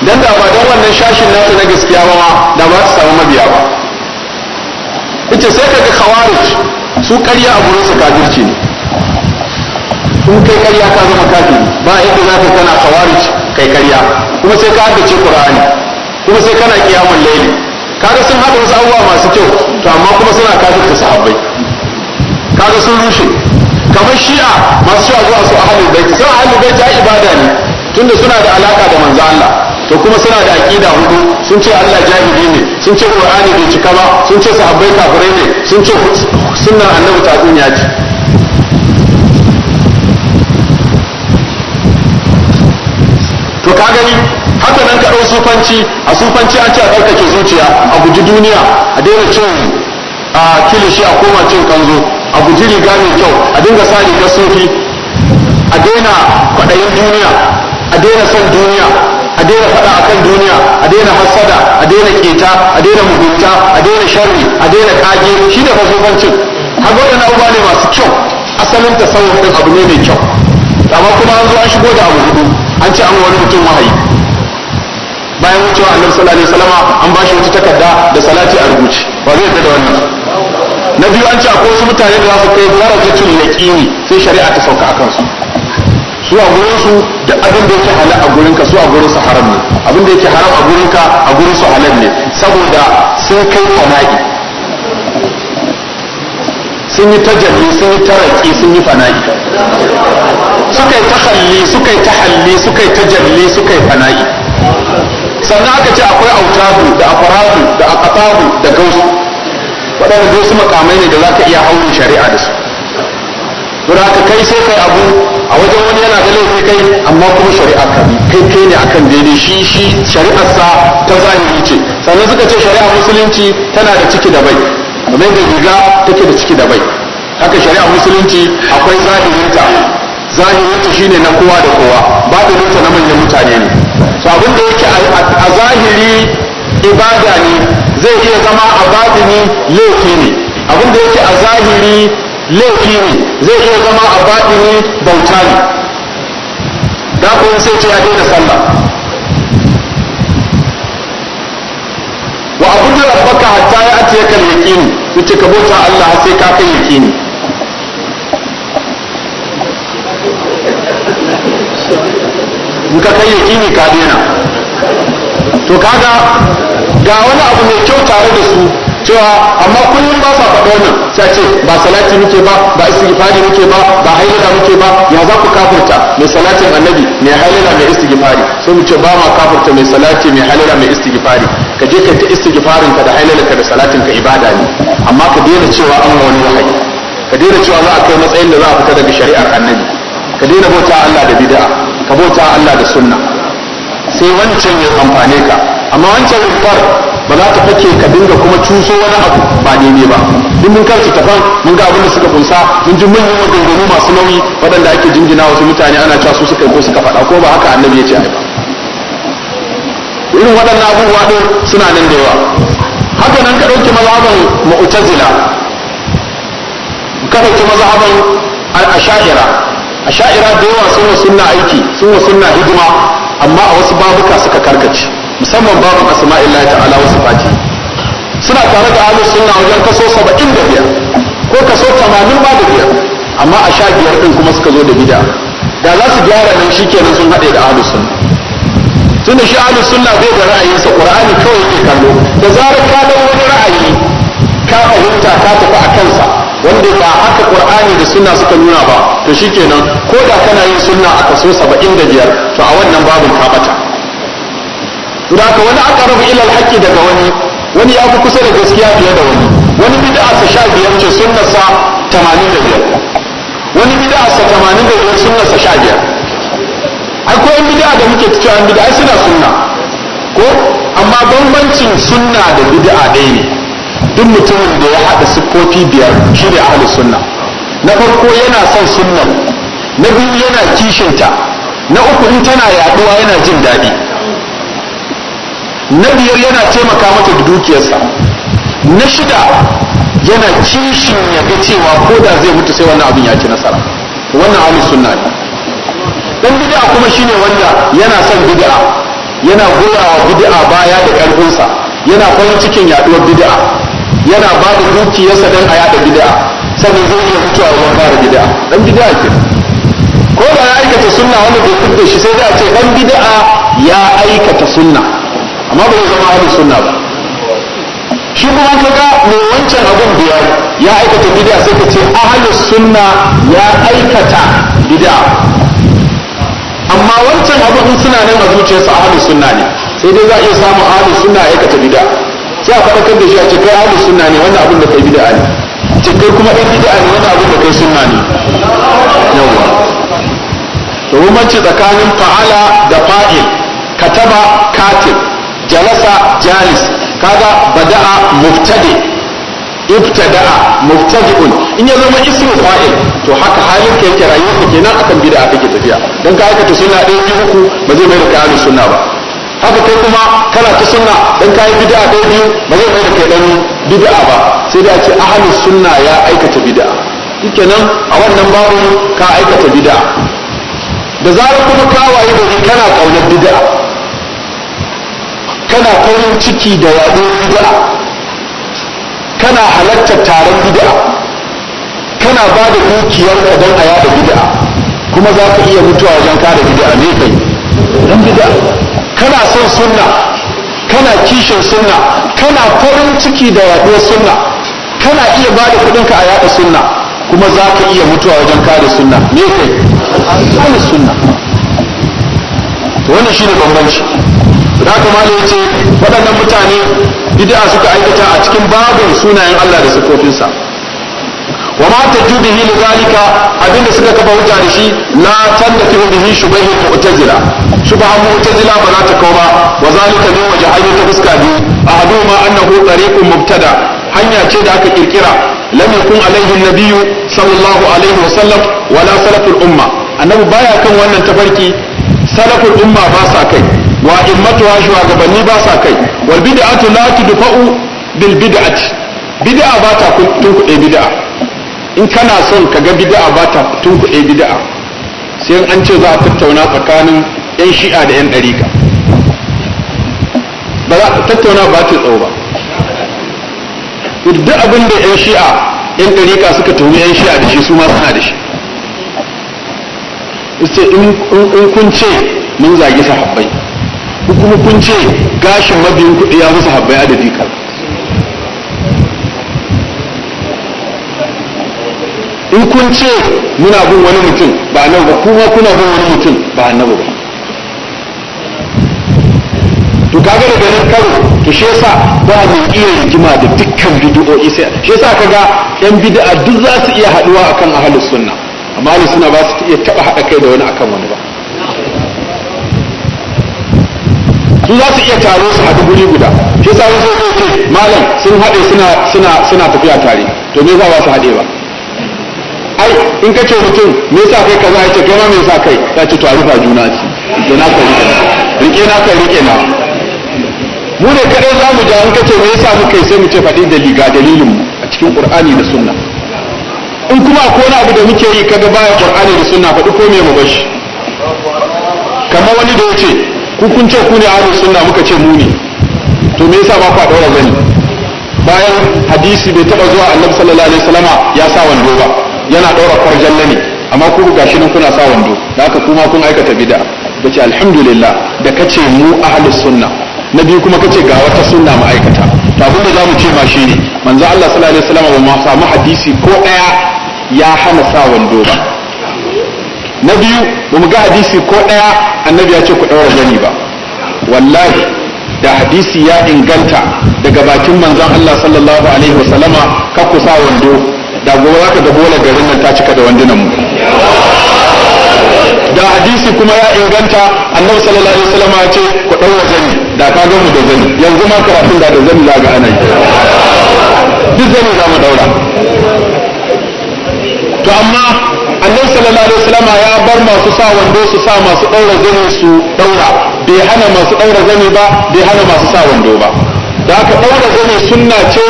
S1: dan da ba don wannan shashin nasu na gaskiya ba ma da ba ta samu mabiya ba ita sai kaga khawarij su ƙarya a gurin su kafirci ne in kai karya ka zama kafi ba yadda za ka kana kawaric kai karya kuma sai ka haddace ƙura'ani kuma sai kana kiyamun laili kaga sun haɗa wasu abubuwa masu kyau to amma kuma suna ta sahabbai kaga sun rushe kamar shi'a masu shi'a zuwa su ahlul bait sun ahlul bait ya ibada ne tunda suna da alaka da manzo Allah to kuma suna da aƙida hudu sun ce Allah jahili ne sun ce Qur'ani bai cika ba sun ce sahabbai kafirai ne sun ce sunnar annabi ta duniya ce ka gani haka nan ka ɗau sufanci a sufanci an ce a ɗaukake zuciya a guji duniya a daina cin a kilishi a koma cin kanzo a guji riga mai kyau a dinga sa rigar sufi a daina kwaɗayin duniya a daina son duniya a daina faɗa akan duniya a daina hassada a daina keta a daina mugunta a daina sharri a daina kage shi ne fasufancin haka waɗannan abubuwa ne masu kyau asalin tasawuf ɗin abu ne mai kyau amma kuma an zo an shigo da abu hudu an ce an wani mutum wahayi bayan wucewa annabi sallallahu alaihi wasallama an ba shi wata takarda da salati a rubuce ba zai yarda da wannan na biyu an ce akwai wasu mutane da za su kai ƙi yaƙini sai shari'a ta sauka akan su su a gurin su da abin da yake halal a gurin ka su a gurin su haram ne abin da yake haram a gurin ka a gurin su halal ne saboda sun kai fana'i sun yi tajalli sun yi taraki sun yi fana'i suka yi tahalli suka yi tahalli suka yi tajalli suka yi fana'i sannan aka ce akwai autabu da afarabu da akatabu da gausu waɗanda gausu makamai ne da za ka iya haunin shari'a da su don haka kai sai kai abu a wajen wani yana da laifi kai amma kuma shari'a ka kai kai ne akan daidai shi shi shari'arsa ta zahiri ce sannan suka ce shari'a musulunci tana da ciki da bai kamar da riga take da ciki da bai haka shari'a musulunci akwai zahirinta zahirinta shine na kowa da kowa batininta na manyan mutane ne to abin da yake a zahiri ibada ne zai iya zama a batini laifi ne abin da yake a zahiri laifi ne zai iya zama a batini bauta ne da kuma sai ce ya daina sallah wa abudu rabbaka hatta ya ati yakal yaqin yace ka bauta Allah sai ka kai yaqini in ka kai yaqini ka dena to kaga ga wani abu mai kyau tare da su cewa amma kullum ba sa faɗa wannan sai ce ba salati muke ba ba istighfari muke ba ba hayyada muke ba ya za ku kafirta mai salatin annabi mai halala mai istighfari sai mu ce ba ma kafirta mai salati mai halala mai istighfari ka je ka ta istighfarin ka da hailalarka da salatin ka ibada ne amma ka daina cewa an wani wahayi ka daina cewa za a kai matsayin da za a fita daga shari'ar annabi ka daina bauta Allah da bid'a ka bauta Allah da sunna sai wancan ya amfane ka amma wancan rufar ba za ta fake ka dinga kuma cuso wani abu ba ne ba duk mun ta fan mun ga abin da suka kunsa mun ji mun yi wa maganganu masu nauyi waɗanda ake jingina wasu mutane ana cewa su suka yi ko suka faɗa ko ba haka annabi ya ce a ba irin waɗannan abubuwa ɗin suna nan da yawa haka nan ka ɗauki mazhaban mu'tazila ka ɗauki mazhaban al-asha'ira asha'ira da yawa sun wa sunna aiki sun wa sunna hidima amma a wasu babuka suka karkace musamman babun asma'illahi ta'ala wasu fati suna tare da ahlus sunna wajen kaso 75 ko kaso 80 ba da biyar amma a sha biyar din kuma suka zo da bid'a da za su gyara nan shikenan sun haɗe da ahlus sunna tun da shi ahlu sunna bai da ra'ayinsa qur'ani kawai yake kallo da zarar ka da wani ra'ayi ka fahimta ka tafi a kansa wanda ba haka qur'ani da sunna suka nuna ba to shikenan ko da kana yin sunna a kaso 75 to a wannan babin ka bata to da wani aqrabu ila al-haqqi daga wani wani ya fi kusa da gaskiya fiye da wani wani bid'a sa 15 ce sunnar sa 85 wani bid'a sa 85 sunnar sa biyar. akwai bid'a da muke cewa yan bid'a suna sunna ko amma bambancin sunna da bid'a ɗaya ne duk mutumin da ya haɗa siffofi biyar shi ne ahlus sunna na farko yana son sunnan na biyu yana kishinta na uku in tana yaduwa yana jin daɗi na biyar yana taimaka mata da dukiyarsa na shida yana kishin ya ga cewa ko da zai mutu sai wannan abin ya ci nasara wannan ahlus sunna ne Ɗan bid'a kuma shine wanda yana son bid'a yana gurawa bid'a baya da karfinsa yana farin cikin yaɗuwar bid'a yana ba da dukiyarsa dan a yada bid'a sannan zai iya mutuwa wajen fara bid'a dan bid'a ke ko da ya aikata sunna wanda bai kudda shi sai dai a ce dan bid'a ya aikata sunna amma bai zama ahlus sunna ba shi kuma ka ga mai wancan abin biyar ya aikata bid'a sai ka ce ahalus sunna ya aikata bid'a amma wancan in suna nan a zuciyarsa ahlus sunna ne sai dai za a iya samun ahlus sunna ya aikata bid'a sai a faɗakar da shi a ce kai ahlus sunna ne wannan abin da kai bid'a ne ce kai kuma ɗan bid'a ne wannan abin da kai sunna ne yawwa to bambanci tsakanin fa'ala da fa'il kataba katib jalasa jalis kaga bada'a mubtadi ibtada'a mubtadi'un in ya zama ismu fa'il to haka halin ka yake rayuwarka kenan akan bid'a kake tafiya don ka aikata suna ɗaya biyu uku ba zai mai da kai ba haka kai kuma kana ta suna dan ka yi bid'a ɗaya biyu ba zai mai da kai bid'a ba sai da ce ahalin suna ya aikata bid'a shikenan a wannan babu ka aikata bid'a da zarar kuma ka waye gari kana ƙaunar bid'a kana farin ciki da yaɗo bid'a kana halartar taron bid'a kana ba da ka don a yada bid'a kuma za ka iya mutuwa wajen kare bid'a ne kai dan bid'a kana son sunna kana kishin sunna kana farin ciki da yaɗuwar sunna kana iya ba da ka a yaɗa sunna kuma za ka iya mutuwa wajen kare sunna ne kai kare sunna wani wannan shine bambanci da kuma ya ce waɗannan mutane bid'a suka aikata a cikin babin sunayen Allah da sifofinsa wa ma taju bihi li zalika abinda suka kafa hujja da shi la tandatu bihi shubahi mu'tazila shubaha mu'tazila ba za ta kawo ba wa zalika min wajhaini ta fuska biyu ma annahu tariqun mubtada hanya ce da aka kirkira lam yakun alaihi nabiyyu sallallahu alaihi wa sallam wala salaful umma annabi baya kan wannan tafarki salaful umma ba sa kai wa wa shugabanni ba sa kai wal bid'atu la tudfa'u bil bid'ati bid'a ba ta kun tunkuɗe bid'a in kana son ka ga bid'a ba ta tun kuɗe bid'a sai an ce za a tattauna tsakanin yan shi'a da yan ɗarika ba za a tattauna ba ta tsawo ba duk abin da yan shi'a yan ɗarika suka tuhumi yan shi'a da shi su ma suna da shi in kun ce mun zagi sahabbai kuma kun ce gashin mabiyin kuɗi ya musu habbai adadi kala kun ce muna bin wani mutum ba na ba kuma kuna bin wani mutum ba na ba to kaga daga nan karo to shi yasa ba mu iya rigima da dukkan bid'o'i sai shi yasa kaga yan bid'a duk za su iya haduwa akan ahlus sunna amma ahlus sunna ba su iya taba hada kai da wani akan wani ba su za su iya taro su haɗu guri guda shi yasa wasu ce malam sun haɗe suna suna suna tafiya tare to me za ba su haɗe ba ai in ka ce mutum me yasa kai kaza ya ce kai ma me yasa kai ya ce to a rufa juna ci to na kai rike na kai rike na mu ne kada za mu ja in ka ce me yasa mu kai sai mu ce faɗi da liga dalilin mu a cikin qur'ani da sunna in kuma akwai wani abu da muke yi kaga baya qur'ani da sunna faɗi ko me mu bashi kamar wani da yace ce ku kun ce ku ne ahlus sunna muka ce mu ne to me yasa ba ku a daura gani. bayan hadisi bai taba zuwa annabi sallallahu alaihi wasallama ya sa wando ba yana ɗaura kwarjalla ne amma ku gashi nan kuna sa wando da aka kuma kun aikata bid'a da ce alhamdulillah da kace mu ahli sunna na biyu kuma kace ga wata sunna ma'aikata to abin da zamu ce ma shine manzo Allah sallallahu alaihi wasallam ba samu hadisi ko daya ya hana sa wando ba na biyu ba mu ga hadisi ko daya annabi ya ce ku daura gani ba wallahi da hadisi ya inganta daga bakin manzon Allah sallallahu alaihi wasallama ka ku sa wando da gobe za ka ga bola garin nan ta cika da wandunan mu da hadisi kuma ya inganta annabi sallallahu alaihi wasallam ya ce ku dawo zani da ka ga mu da zani yanzu ma karatun da da zani za ga ana duk zani za mu daura to amma annabi sallallahu alaihi wasallam ya bar masu sa wando su sa masu daura zani su daura bai hana masu daura zani ba bai hana masu sa wando ba da aka daura zani sunna ce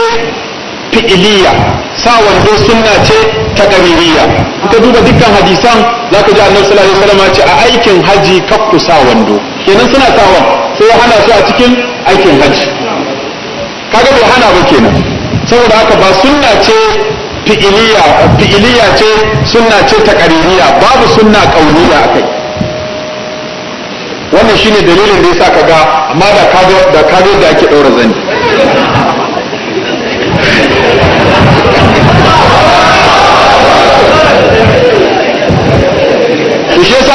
S1: fi'iliya sa wando sunna ce ta ƙaririya ka duba dukkan hadisan za ka ji annabi sallallahu alaihi wasallam ce a aikin haji kakku sa wando kenan suna sawa sai ya hana su a cikin aikin haji kaga bai hana ba kenan saboda haka ba sunna ce fi'iliya fi'iliya ce sunna ce ta ƙaririya babu sunna ƙauniya akai wannan shine dalilin da yasa kaga amma da kaga da kaga da ake daura zani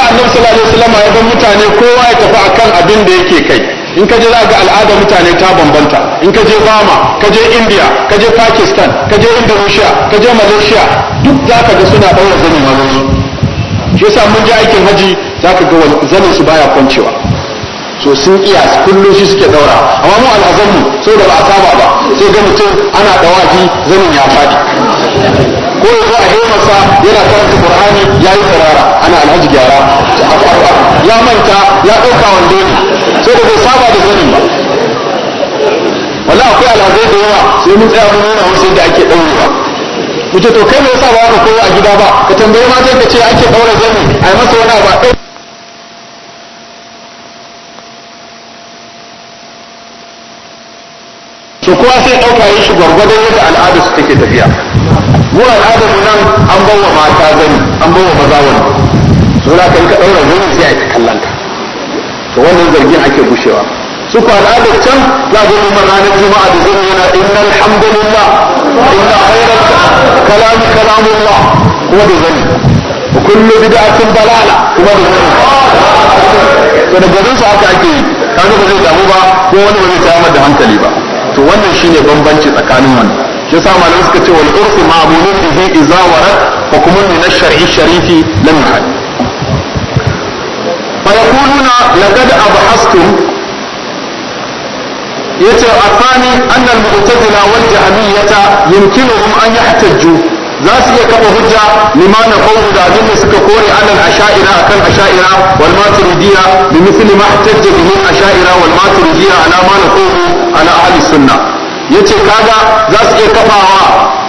S1: yasa annabi sallallahu alaihi wasallam ya ga mutane kowa ya tafi akan abin da yake kai in ka je za ga al'adar mutane ta bambanta in ka je bama ka je India ka je Pakistan ka je Indonesia ka je Malaysia duk za ka ga suna ɗaura zanin hawansu shi yasa mun je aikin haji za ka ga zanin su baya kwancewa so sun iya kullum shi suke ɗaura amma mu so da ba a saba ba sai ga mutum ana dawafi zanin ya faɗi. ko ya zo a himarsa yana karanta qur'ani ya yi tsirara ana alhaji gyara ya manta ya ɗauka wanda ne sai da bai saba da sani ba wala akwai alhazai da yawa sai mun tsaya mun nuna wasu yadda ake ba. muke to kai me
S2: sa ba ka a gida ba ka tambayi matan ka ce ake ɗaura zani
S1: a yi masa wani abu a kowa sai ɗauka yi shi gwargwadon yadda al'adar su take tafiya mu al'adar nan an bawa mata gani an bawa maza wani su da kan ka daura gani sai a kallon kallanta. to wannan zargin ake gushewa su kwa al'adar can za ga mun ranar juma'a da zan yana innal hamdulillah inna khairal kalami kalamullah kuma da zani kullu bid'atin balala kuma da zani to da garin su haka ake yi kaga ba zai damu ba ko wani ba zai tayar da hankali ba to wannan shine bambanci tsakanin wannan shi yasa malamai suka ce wal urfu ma'budu fi idza warat kuma min na shari sharifi lam hal fa yaquluna laqad abhastum yace afani anna al-mu'tazila wal jahmiyyata yumkinuhum an yahtajju za su iya kaba hujja limana qawlu da abin suka kore anan asha'ira akan asha'ira wal maturidiya bi misli ma hajjaja bihi asha'ira wal maturidiya ala ma na ala ahli sunnah yace kaga za su iya kafawa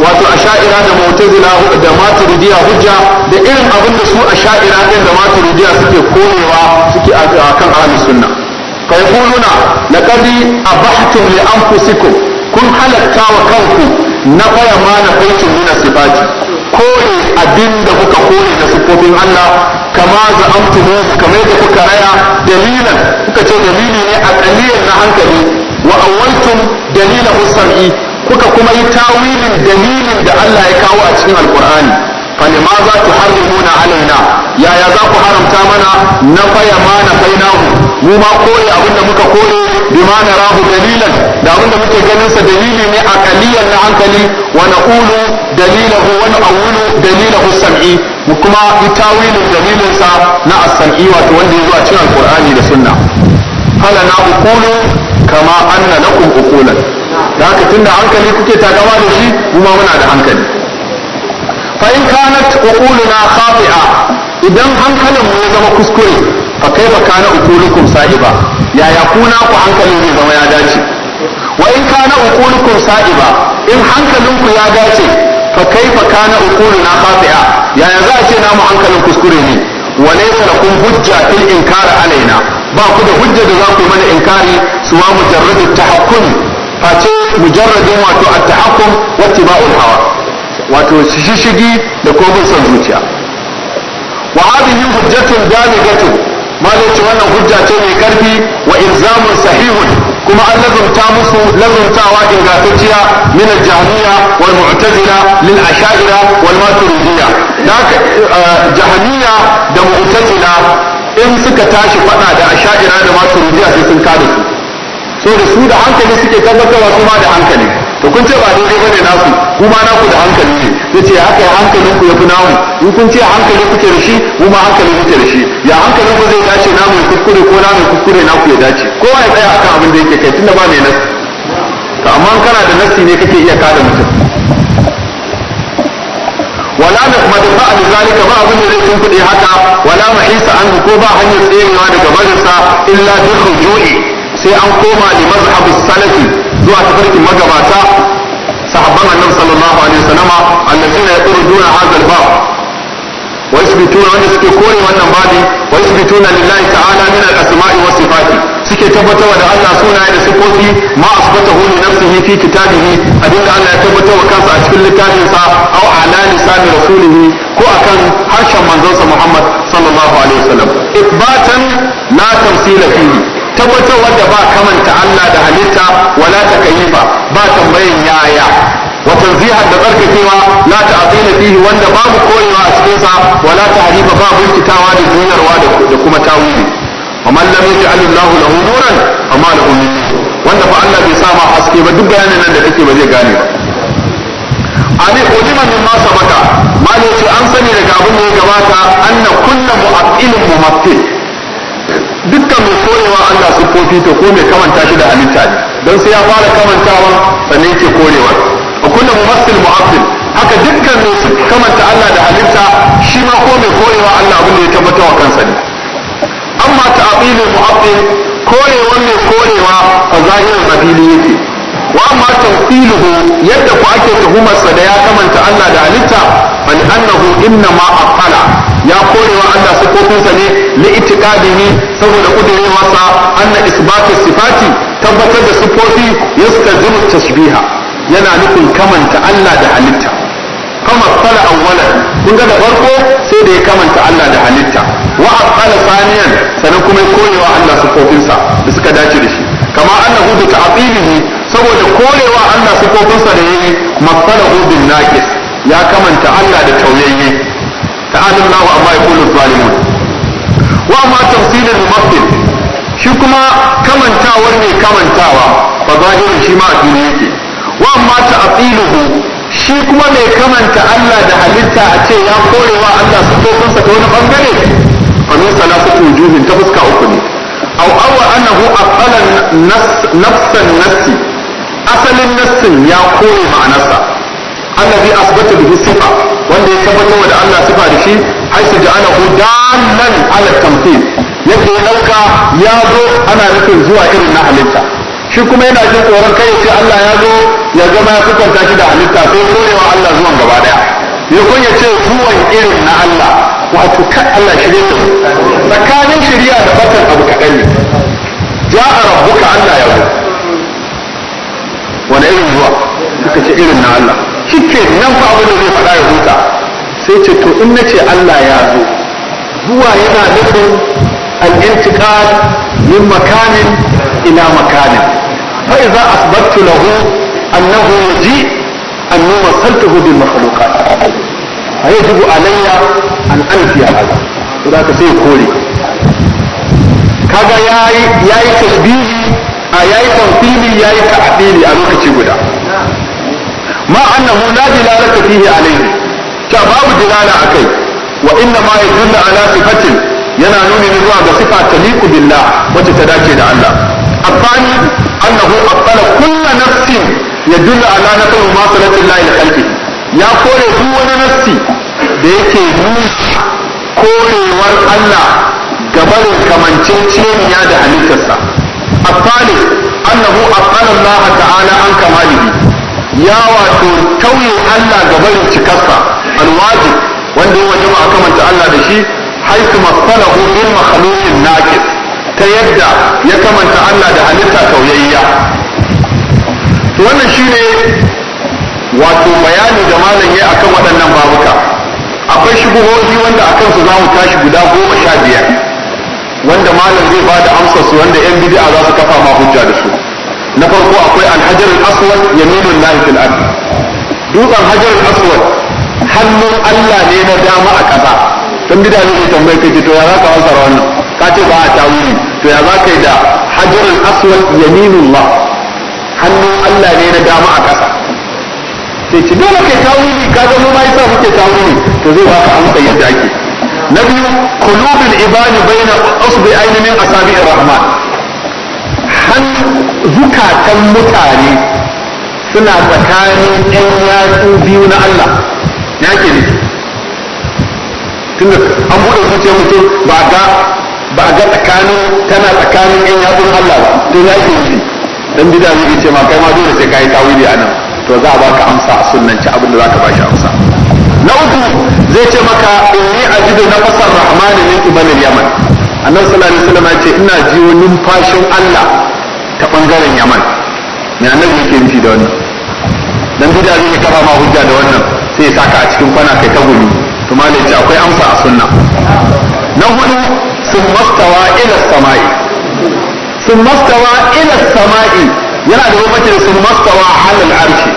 S1: wato asha'ira da mu'tazila da maturidiya hujja da irin abin da su asha'ira din da maturidiya suke komewa suke akan ahli sunna fa yaquluna laqad abahtum li anfusikum kun halatta wa kanku na fara ma na faikin nuna sifati kore abin da kuka kore na sifofin Allah kama za amtumu kamar da kuka raya dalilan kuka ce dalili ne a na hankali wa awaitum dalilahu sam'i kuka kuma yi tawilin dalilin da Allah ya kawo a cikin alqur'ani falima za tu harrimuna alaina yaya za ku haramta mana na faya ma na fainahu mu ma koyi abinda muka koyi bi ma na rahu dalilan da abinda muke ganin sa dalili ne a kaliyan na hankali wa naqulu dalilahu wa naqulu dalilahu sam'i mu kuma yi tawilin dalilinsa na as-sam'i wato wanda ya zo a cikin alkur'ani da sunna Hala na uqulu kama anna lakum uqulan da haka tunda hankali kuke takama da shi kuma muna da hankali fa in kanat uquluna khati'a idan hankalin mu ya zama kuskure fa kaifa kana uqulukum sa'iba yaya kuna ku hankalin zai zama ya dace wa in kana uqulukum sa'iba in hankalinku ya dace fa kaifa kana uquluna khati'a yaya za a ce namu hankalin kuskure ne wa laysa lakum hujja fil inkar alaina ba ku da hujja da za ku mana inkari suwa mujarradu tahakkumi face mujarradin wato at-tahakkum wa ittiba'ul hawa wato shishigi da komin son zuciya wa hadhihi hujjatun balighatun malaci wannan hujja ce mai karfi wa ilzamun sahihun kuma an lazumta musu lazumtawa ingantacciya min al-jahmiya wal mu'tazila lil asha'ira wal maturidiyya da eh, jahmiya da mu'tazila in suka tashi faɗa da asha'ira da masu rujiya sai sun kada su so da su da hankali suke tabbatarwa su ma da hankali to kun ce ba daidai bane nasu kuma naku da hankali ne yace haka ya hankalin ku yafi namu in kun ce hankali kuke da shi mu ma hankali kuke da shi ya hankalin ku zai dace namu ya kuskure ko namu ya kuskure naku ya dace kowa ya tsaya akan abin da yake kai tunda ba mai nasu to amma kana da nasi ne kake iya kada mutum wala naqmadu ba'd zalika ba abin da zai tunkuɗe haka wala mahisa anhu ko ba hanyar tserewa daga barinsa illa bi rujui sai an koma li mazhabus salafi zuwa tafarkin magabata sahabban annabi sallallahu alaihi wasallama allazina yaquluna hadha al-bab wa yasbituna wanda suke kore wannan babi wa lillahi ta'ala min asmai was sifati suke tabbatarwa da Allah sunaye da sifofi ma asbatahu li nafsihi fi kitabihi abinda Allah ya tabbatarwa kansa a cikin littafinsa aw ala lisani rasulihi ko akan harshen manzonsa Muhammad sallallahu alaihi wasallam ibatan la tamsila fihi tabbatarwa da ba kamanta Allah da halitta wala takayifa ba tambayin yaya wa tanzihan da tsarkakewa la ta'tila fihi wanda babu koyewa a cikin sa wala tahrifa babu kitawa da zinarwa da kuma tawili amma lam yaj'al Allahu lahu nuran amma lahu min wanda fa Allah bai sa ma haske ba duk bayanin nan da kake ba zai gane ba ani ulima min ma sabaka mal ce an sani daga abin da ya gabata anna kullu mu'attilin mumatti dukkan mai korewa Allah sifofi to ko mai kamanta shi da halitta ne don sai ya fara kamantawa sannan yake korewa wa kullu mumassil mu'attil haka dukkan mai kamanta Allah da halitta shi ma ko mai korewa Allah abin da ya tabbata wa kansa ne amma ta aqilul muhaqqin korewa mai korewa a zahirin abili yake wa amma tawfiluhu yadda ku ake tuhumarsa da ya kamanta Allah da halitta fa annahu inna ma aqala ya korewa Allah sifofinsa ne li ne saboda kudurewarsa anna isbatu sifati tabbatar da sifofi yastajibu tashbiha yana nufin kamanta Allah da halitta kama tsala awwalan kun ga da farko sai da ya kamanta Allah da halitta wa aqala saniyan sanan kuma ya Allah Allah kofinsa da suka dace da shi kama annahu bi ta'dilihi saboda korewa Allah su kofinsa da yayi masalahu bin naqis ya kamanta Allah da tauyayye ta'ala Allah amma yaqulu zalimun wa ma tafsilul mafil shi kuma kamantawar ne kamantawa fa zahirin shi ma a duniya yake wa ma ta'diluhu shi kuma mai kamanta Allah da halitta a ce ya korewa Allah sifofinsa ta wani bangare fa min wujuhin ta fuska uku ne aw aw annahu aqala nafsan nafsi asalin nassin ya kore ma'anarsa allazi asbata bihi sifa wanda ya tabbatar da Allah sifa da shi haisu ja'alahu dallan ala tamthil yadda ya dauka ya zo ana nufin zuwa irin na halitta shi kuma yana jin tsoron kai sai Allah ya zo ya zama ya kwatanta shi da halitta sai korewa Allah zuwan gaba daya ya kun ya ce zuwan irin na Allah wato kan Allah shi ne tsakanin shari'a da fatan abu kaɗan ne ja a rabbuka Allah ya zo wani irin zuwa suka ce irin na Allah shi ke nan fa abu da zai faɗa ya huta sai ce to in na ce Allah ya zo zuwa yana nufin al-intiqal min makanin ila makanin fa idza asbattu lahu annahu yaji annu masaltuhu bil makhluqat fa yajibu alayya an anfiya hada to da ka sai kore kaga yayi yayi tasbihi a yayi tanfili yayi ta'dili a lokaci guda ma annahu la dilalata fihi alayhi ta babu dilala akai wa inna ma yadullu ala sifatin yana nuni ne zuwa ga sifa taliqu billah wacce ta dace da Allah الثاني أنه أبطل كل نفس يدل على نفس مواصلة الله إلى قلبه يا كوري دون نفسي بيكي كوري ور الله قبل كمان تشين يا ده حليتسا الثالث أنه أبطل الله تعالى عن كماله يا واتو توي الله قبل تكسا الواجب وانده وجمع كمان تعالى بشي حيث مصله بالمخلوق الناقص ta yadda ya kamanta Allah da halitta sauyayya to wannan shine wato bayani da malam yayi akan waɗannan babuka akwai shubuhohi wanda akan su zamu tashi guda goma sha biyar wanda malam zai bada amsar su wanda yan bid'a za su kafa ma hujja da su na farko akwai alhajar al-aswad yaminun lahi fil ard dutsen hajar aswad hannun Allah ne na dama a ƙasa Tun bid'a ne tambaye kai to ya za ka amsa wannan ka ba a tawili to ya za ka yi da hajarul aswad yaminullah hannu Allah ne na dama a ƙasa sai ci dole kai tawili ka zama ma yasa muke tawili to zai ba ka amsa yadda ake na biyu qulubul ibadi baina usbi ainihin asabi rahman han zukatan mutane suna tsakanin ɗan yatsu biyu na Allah ya ke ne tunda an buɗe zuciyar mutum ba ga ba a ga tsakanin tana tsakanin yan yatsun Allah ba to ya ke yi dan bida ne ce ma kai ma dole sai kai tawili anan to za a baka amsa a abinda abin da zaka shi amsa na uku zai ce maka inni ajidu nafasar rahman min ibn yaman annabi sallallahu alaihi wasallam ya ce ina jiwo numfashin Allah ta bangaren yaman me annabi yake nufi da wannan dan bida ne kafa ma hujja da wannan sai ya saka a cikin kwana kai ta gudu to malai ce akwai amsa a sunna na hudu ثم استوى إلى السماء ثم استوى إلى السماء yana da lokacin sun mastawa halin arshi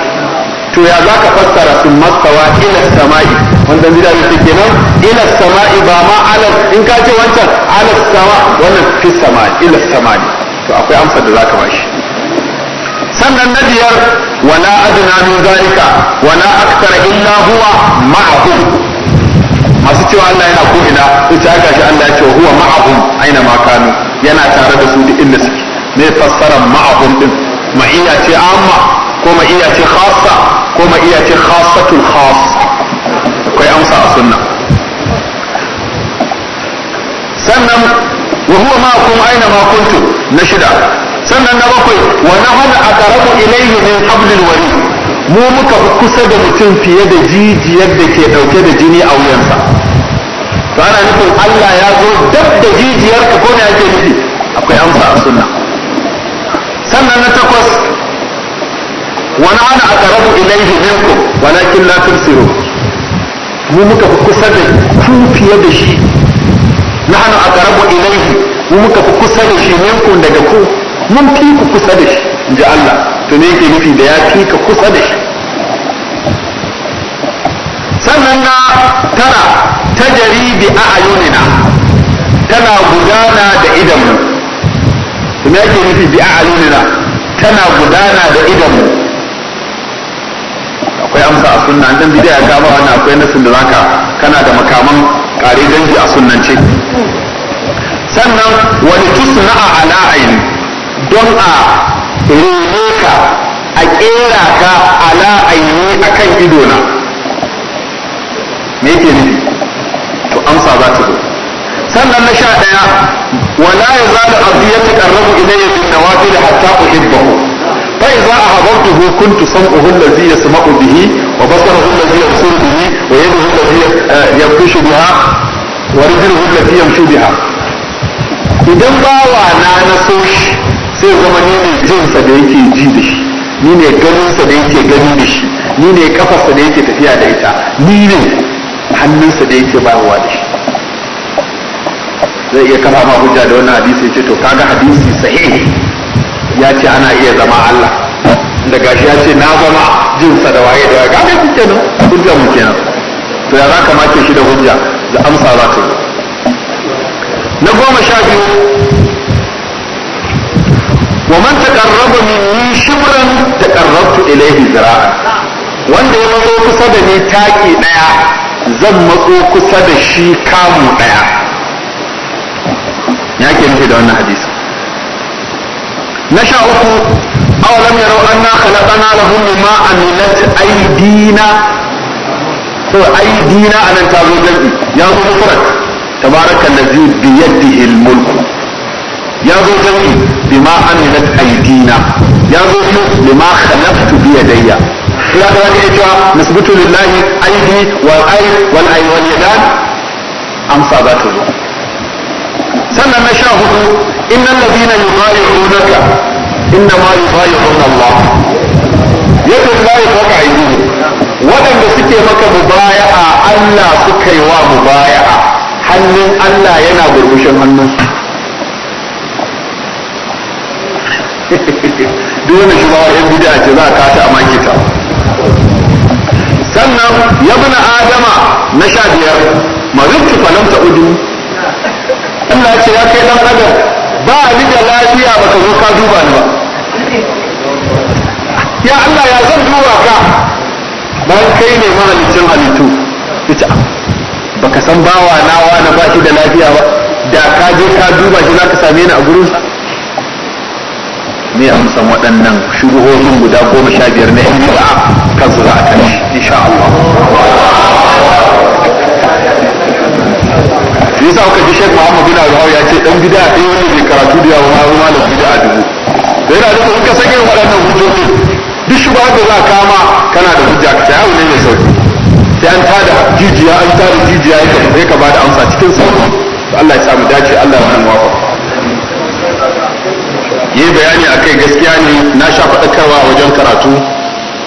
S1: to ya za ka fassara sun mastawa ila sama'i wanda zira yake nan ila sama'i ba ma ala in ka ce wancan ala sama wannan fi sama'i ila sama'i to akwai amsa da za ka bashi sannan na biyar wala adna min zalika wala akthara illa huwa ma'ahu masu cewa Allah yana ko ina sai ta gashi Allah ya ce huwa ma'ahum aina ma kanu yana tare da su duk inda suke me fassara ma'ahum din Ma iya ce amma ko ma iya ce khassa ko ma iya ce khassatul khass akwai amsa a sunna sannan wa huwa ma'akum aina ma kuntum na shida sannan na bakwai wa nahana aqrabu ilayhi min hablil warid mu muka fi kusa da mutum fiye da jijiyar da ke dauke da jini a wuyansa ba na nufin Allah ya zo dab da jijiyarka ko ne ake nufi akwai amsa a sunna sannan na takwas wani ana a ilai ilayhi wani walakin la tubsiru mu muka fi kusa da ku fiye da shi na a aqrabu ilai mu muka fi kusa da shi minkum daga ku mun fi ku kusa da shi in ji Allah to ne yake nufi da ya fi ka kusa da shi sannan na ta jari bi a'yunina tana gudana da idanmu me yake nufi bi a'yunina tana gudana da idanmu akwai amsa a sunna an dan da ya ba wani akwai nasin da zaka kana da makaman kare dangi a sunnance sannan wani tusna'a a ala'ayin don a rene ka a kera ka ala'ayi a kan idona me yake nufi to amsa za ta zo sannan na sha ɗaya wala ya zalu abdi ya taqarrabu ilayya bin nawafil hatta uhibbahu fa idza ahabbtuhu kuntu sam'uhu alladhi yasma'u bihi wa basaruhu alladhi yabsuru bihi wa yaduhu alladhi eh, yabtashu biha wa rijluhu alladhi yamshu biha idan bawa na na so shi sai zama ni ne jinsa da yake ji da shi ni ne ganinsa da yake gani da shi ni ne kafarsa da yake tafiya da ita ni ne hannunsa da yake bayarwa da shi zai iya kafa ma hujja da wannan hadisi ce to kaga hadisi sahihi ya ce ana iya zama Allah da gashi ya ce na zama jinsa da waye da ga kaga shi no hujja mu kenan to ya zaka make shi da hujja da amsa za ka yi na goma sha biyu wa man taqarraba minni shibran taqarrabtu ilayhi zira'an wanda ya mazo kusa da ni taki daya zan matso kusa da shi kamu daya ya ke nufi da wannan hadisi na sha uku awalam na na anna khalaqana lahum mimma amilat aidina ko aidina a nan tazo jam'i ya zo mufrad tabaraka allazi zai yadihi al-mulk ya zo jam'i bima amilat aidina ya zo bima khalaqtu bi yadayya ina da iya cewa nasbutu lillahi aidi wal ayi wal ayi wal yadan amsa za ta zo sannan na sha hudu innal ladina yuqayyunaka inna ma yuqayyun Allah yake la yuqayyun aidi waɗanda suke maka mubaya'a Allah suka yi wa mubaya'a hannun Allah yana burbushin hannunsu duk wani shi ma yan bid'a ce za a kata a makita sannan ya bi na adama na sha biyar marinki falam ta udu Allah ce ya kai dan adam ba ni da lafiya ba ka zo ka duba ni ba ya Allah ya zan duba ka bayan kai ne mahalicin halittu ita ah, baka san bawa nawa na ba shi da lafiya ba da ka je ka duba shi za ka same ni a gurinsa ne amsan waɗannan shubuhohin guda goma sha biyar na yan kan su za a kan shi insha Allah yasa kuka ji Sheikh muhammadu na Abdul ya ce ɗan gida ɗaya wani ke karatu da yawa har malam a dubu da yana da in ka yin waɗannan hujjoji duk shi da za kama kana da hujja ka sai abu ne mai sauki sai an tada jijiya an tada jijiya ya ka ba da amsa cikin sauki Allah ya samu dace Allah ya samu wafa yi bayani a kai gaskiya ne na sha faɗakarwa wajen karatu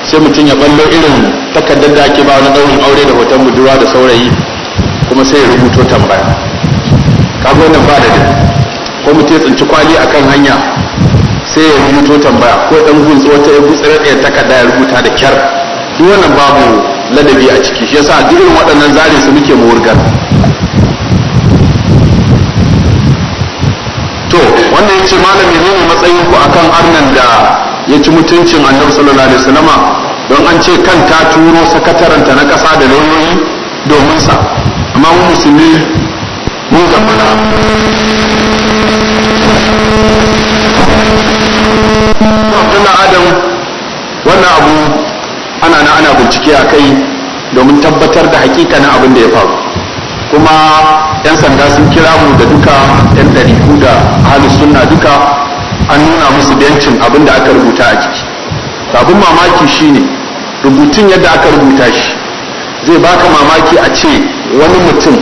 S1: sai mutum ya ballo irin takardar da ake ba wani ɗaurin aure da hoton budurwa da saurayi kuma sai ya rubuto tambaya kaga wannan ba da ko mutum ya tsinci kwali akan hanya sai ya rubuto tambaya ko ɗan gutsu wata ya gutsu ya takarda ya rubuta da kyar duk wannan babu ladabi a ciki shi yasa duk irin waɗannan zarin su muke mu wannan ce malam nuna matsayin ku akan arnan da ya ci mutuncin annabi sallallahu alaihi wasallama don an ce kan ta turo sakataranta na kasa da lauyoyi domin sa amma mu musulmi mun gabana Abdullah Adam wannan abu ana na ana bincike a kai domin tabbatar da hakika na abin da ya faru kuma yan sanda sun kira mu da duka yan ɗariku da ahalus sunna duka an nuna musu bencin abin da aka rubuta a ciki abin mamaki shine rubutun yadda aka rubuta shi zai baka mamaki a ce wani mutum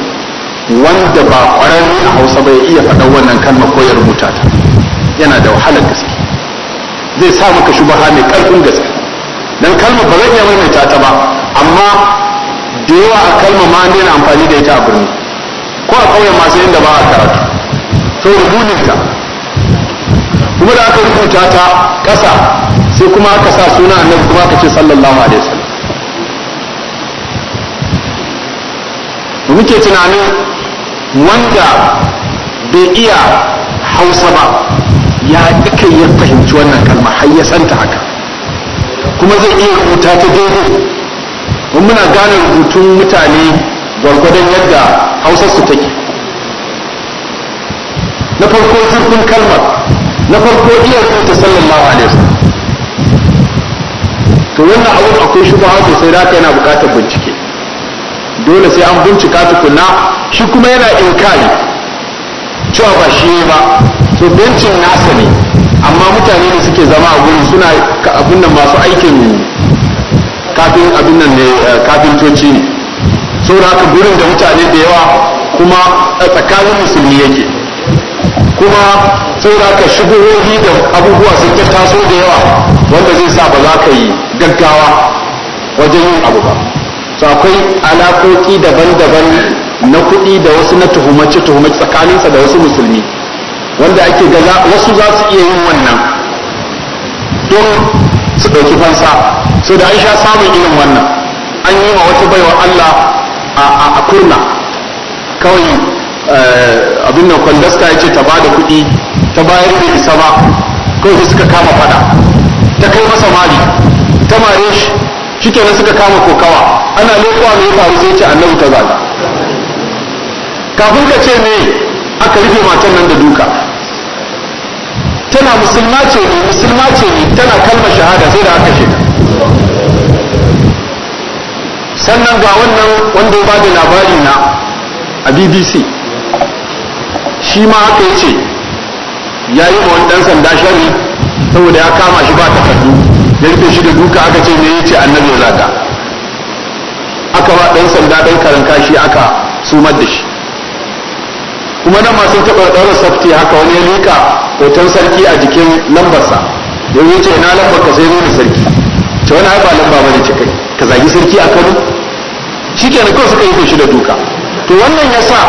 S1: wanda ba ƙwararre a hausa ba ya iya faɗan wannan kalma ko ya rubuta ta yana da wahalar gaske zai sa maka shubaha mai ƙarfin gaske dan kalma ba zan iya maimaita ta ba amma da yawa a kalma ma an daina amfani da ita a birni ko a kauyen masu inda ba a karatu to rubuninta kuma da aka rubuta ta ƙasa sai kuma aka sa suna annabi kuma aka ce sallallahu alaihi wasallam muke tunanin wanda bai iya hausa ba ya kai ya fahimci wannan kalma har ya santa haka kuma zai iya rubuta ta daidai muna gane rubutun mutane gwargwadon yadda hausar su take na farko zurfin kalmar na farko iya rubuta sallallahu alaihi wasallam to wannan abin akwai shubha sosai da yana bukatar bincike dole sai an bincika tukuna shi kuma yana inkari cewa ba shi ba to bencin nasa ne amma mutane da suke zama a gurin suna abin nan masu aikin kafin abin nan ne eh, kafintoci ne saboda haka gurin da mutane da yawa kuma a tsakanin musulmi yake kuma saboda haka shigohohi da abubuwa sun ta taso da yawa wanda zai sa ba za ka yi gaggawa wajen yin abu ba to akwai alaƙoƙi daban-daban na kuɗi da wasu na tuhumace-tuhumace tsakaninsa da wasu musulmi wanda ake ga wasu za su iya yin wannan don su ɗauki fansa so da an sha samun irin wannan an yi wa wata baiwa Allah kawai eh, abin da kwandasta ya ce ta bada kuɗi ta bayar da isa ba kawai suka kama fada ta kai masa mali ta mare shi Shi shikenan suka kama kokawa ana lekowa mai faru sai ce annabi ta zaga kafin ka ce me aka rufe matan nan da duka tana musulma ce ne musulma ce ne tana kalmar shahada sai da aka shekara sannan ga wannan wanda ya bada labari na a bbc shi ma haka ya ce ya yi wani ɗan sanda shari saboda ya kama shi ba takardu ya rufe shi da duka aka ce me ya ce annabi ya zaga aka ba ɗan sanda ɗan karanka shi aka sumar da shi kuma nan masu taɓa ɗaura safti haka wani ya lika hoton sarki a jikin lambarsa ya ce na lambar ka sai nuna sarki ta wani haifa lamba bane cikai ka zagi sarki a kano shi kenan kawai suka yi shi da duka to wannan ya sa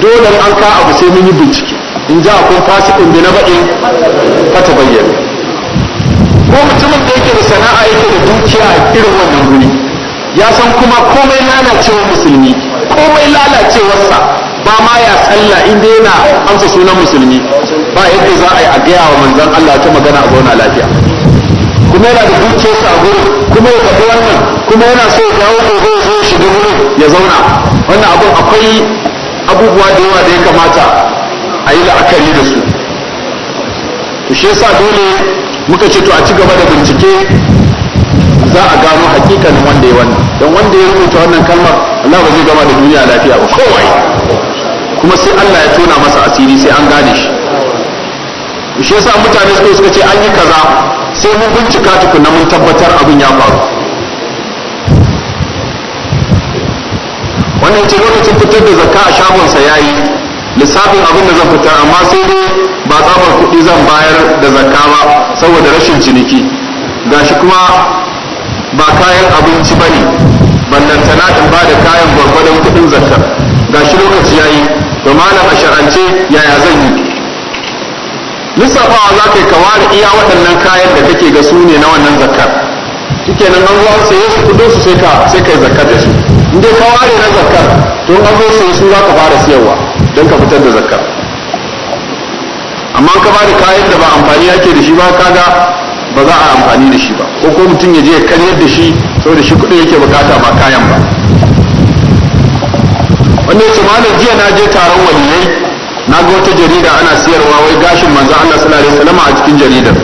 S1: dole an ka abu sai mun yi bincike in a kun fasikin bi na
S2: ka
S1: ta bayyana ko mutumin da yake da sana'a yake da dukiya a irin wannan wuri ya san kuma komai lalacewar musulmi komai lalacewarsa ba ma ya tsalla in dai yana amsa sunan musulmi ba yadda za a yi a gaya wa manzon Allah ta magana a zauna lafiya kuma yana da dukiyarsa a gurin kuma ya faɗi wannan kuma yana so ya dawo gobe ya zo ya shiga wurin ya zauna wannan abun akwai abubuwa da yawa da ya kamata a yi la'akari da su to shi yasa dole muka ce to a ci gaba da bincike za a gano hakikanin wanda ya wannan don wanda ya rubuta wannan kalmar Allah ba zai gama da duniya lafiya ba kowai kuma sai Allah ya tona masa asiri sai an gane shi shi yasa mutane suka suka ce an yi kaza sai mun bincika tukuna mun tabbatar abin ya faru wannan ce lokacin fitar da zakka a shagonsa ya yi lissafin abin da zan fitar amma sai dai ba tsabar kuɗi zan bayar da zakka ba saboda rashin ciniki gashi kuma ba kayan abinci ba ne ballantana in ba da kayan gwargwadon kuɗin zakka gashi lokaci ya yi to malam a shar'ance yaya zan yi lissafawa za ka yi kawar iya waɗannan kayan da kake ga sune na wannan zakar kike nan an zuwa sai su kudo su sai ka zakar da su in dai kaware na zakar to an zo sai su za ka fara siyarwa don ka fitar da zakar amma ka bada kayan da ba amfani yake da shi ba kaga ba za a amfani da shi ba ko ko mutum ya je ya karyar da shi saboda shi kudin yake bukata ba kayan ba wanda ya ce malam jiya na je taron waliyai na ga wata jarida ana siyarwa wai gashin manzo Allah sallallahu alaihi wasallam a cikin jaridar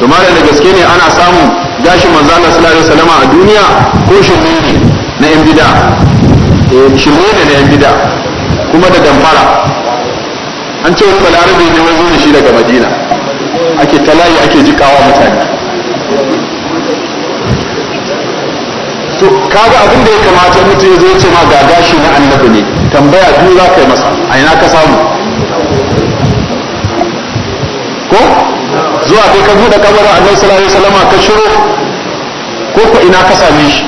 S1: to mara da gaske ne ana samun gashin manzo Allah sallallahu alaihi wasallam a duniya ko shirme ne na yan bida eh shirme ne na yan bida kuma da damfara an ce wani balarabe ne wai zo shi daga Madina ake talayi ake jikawa mutane to kaga abin da ya kamata mutum ya zo ya ce ma ga gashi na annabi ne tambaya duk za ka yi masa a ina ka samu ko zuwa kai ka buɗe kabarin annabi sallallahu alaihi wasallam ka shiro ko ko ina ka same shi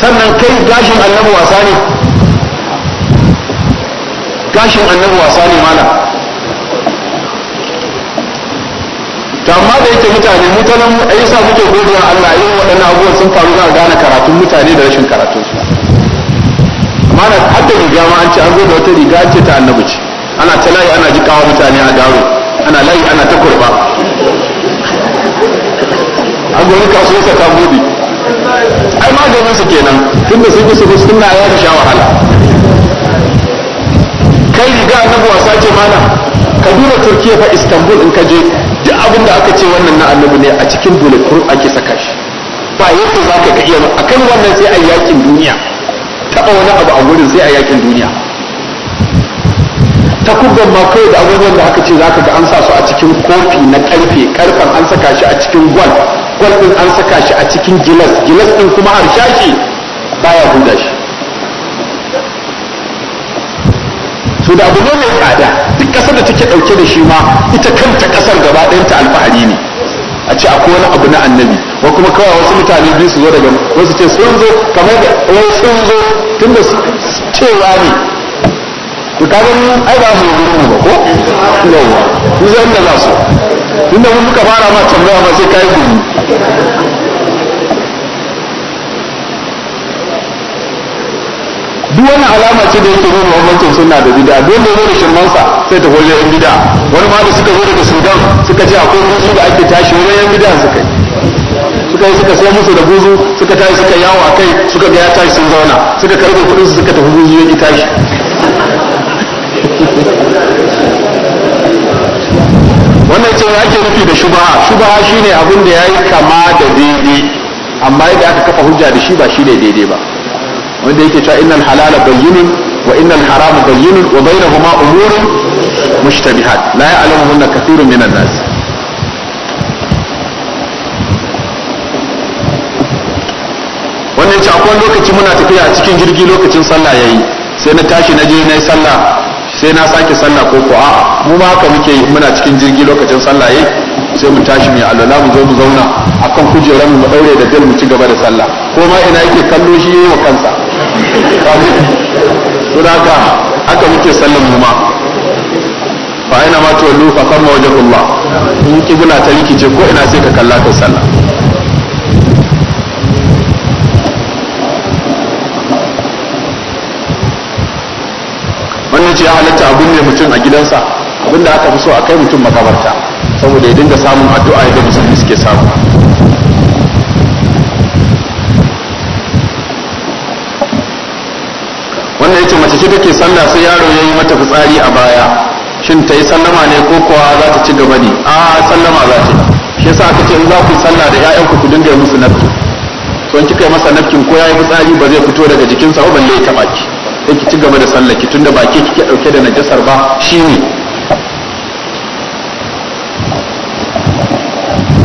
S1: sannan kai gashin annabi wasa ne gashin annabi wasa ne mala to amma da yake mutane mutanen ayi sa muke godiya Allah yin waɗannan abubuwan sun faru za a gane karatun mutane da rashin karatun su amma da hadda riga ma an ce an zo da wata riga ce ta annabi ce ana ta layi ana jikawa mutane a garo ana layi ana ta kurba an gwani kasuwarsa ta gobe. ai maganinsa kenan tunda sun yi su suna ya sha wahala kai riga annabi wasa ce mana ka duba turkiya fa istanbul in ka je duk abin da aka ce wannan na annabi ne a cikin bulletproof ake saka shi ba yadda za ka iya akan wannan sai a yakin duniya taɓa wani abu a wurin sai a yakin duniya Ta kubban ma kawai da abubuwan da aka ce za ka ga an sa su a cikin kofi na karfe karfen an saka shi a cikin gwal gwal din an saka shi a cikin gilas gilas din kuma harshashi baya huda shi to da abu ne mai tsada duk kasar da take dauke da shi ma ita kanta kasar gaba ɗayanta alfahari ne a ce akwai wani abu na annabi ko kuma kawai wasu mutane biyu su zo daga wasu ce sun zo kamar da wasu eh sun zo tunda cewa ne kaga mu ai ba mu gurin mu ba ko yawa ni zan da za su inda mun muka fara ma tambaya ma sai kai gurin duk wani alama ce da yake nuna bambancin suna da bid'a duk wanda zo da shirmansa sai ta goje yan bid'a wani ma da suka zo daga Sudan suka ce akwai guzu da ake tashi wurin yan bid'a suka yi suka yi suka sai musu da guzu suka tashi suka yawo a kai suka ga ya tashi sun zauna suka karɓe kuɗin suka tafi guzu ya tashi wannan ce ake nufi da shubaha shubaha shine abin da yayi kama da daidai amma yadda aka kafa hujja da shi ba shine daidai ba wanda yake cewa innal halala bayyinun wa innal harama bayyinun wa bainahuma umurun mushtabihat la ya'lamuhunna kathirun minan nas wannan ce akwai lokaci muna tafiya a cikin jirgi lokacin sallah yayi sai na tashi na je na yi sallah sai na sake sallah ko ko a'a mu ma haka muke muna cikin jirgi lokacin sallah yayi sai mu tashi mu alwala mu zo mu zauna akan kujerar mu daure da dal mu ci gaba da sallah ko ma ina yake kallo shi yayi wa kansa
S2: saboda
S1: haka haka muke sallan mu ma fa aina ma tuwallu fa kama wajhullah in kibla ta rikice ko ina sai ka kalla ka sallah musulunci ya halatta abin ne mutum a gidansa abinda aka fi so a kai mutum makabarta saboda ya dinga samun addu'a yadda musulmi suke samu wannan yace mace ce take sallah sai yaro ya yi mata fitsari a baya shin ta yi sallama ne ko kuwa za ta ci gaba ne a sallama za ta shi yasa aka ce in za ku sallah da 'ya'yanku ku dinga musu nafki to in kika yi masa nafkin ko ya yi fitsari ba zai fito daga jikinsa ba balle ya taɓa ki sai ki ci gaba da sallar ki tunda ba ke kike dauke da najasar ba shine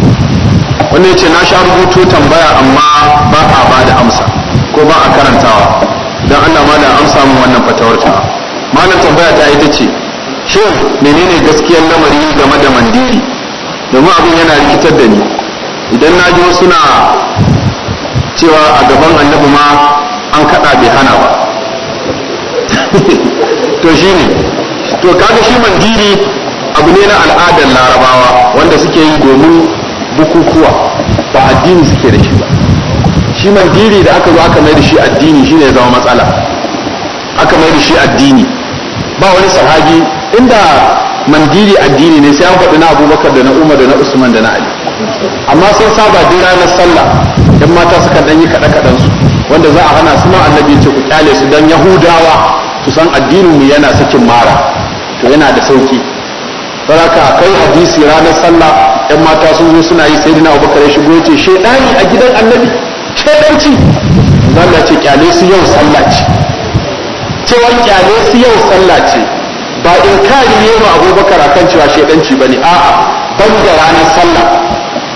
S1: ne wannan yace na sha rubutu tambaya amma ba a ba da amsa ko ba a karantawa dan Allah da amsa mu wannan fatawar ta malam tambaya ta ita ce shin menene gaskiyar lamari game da mandiri domin abin yana rikitar da ni idan na ji wasu na cewa a gaban annabi ma an kaɗa bai hana ba to shi ne to kaga shi mandiri abu ne na al'adar larabawa wanda suke yi domin bukukuwa ba addini suke da shi ba shi mandiri da aka zo aka mai da shi addini shi ne zama matsala aka mai da shi addini ba wani sahabi inda mandiri addini ne sai an faɗi na abubakar da na umar da na usman da na ali amma sun saba duk ranar sallah yan mata suka ɗan yi kaɗe-kaɗensu wanda za a hana su ma annabi ce ku kyale su dan yahudawa kusan addinin mu yana sakin mara to yana da sauki saraka akwai hadisi ranar sallah yan mata sun zo suna yi sai dina abubakar ya shigo yace shedani a gidan annabi shedanci zalla ce kyale su yau sallah ce cewa kyale su yau sallah ce ba in kari ne ma abubakar akan cewa shedanci bane a'a ban da ranar sallah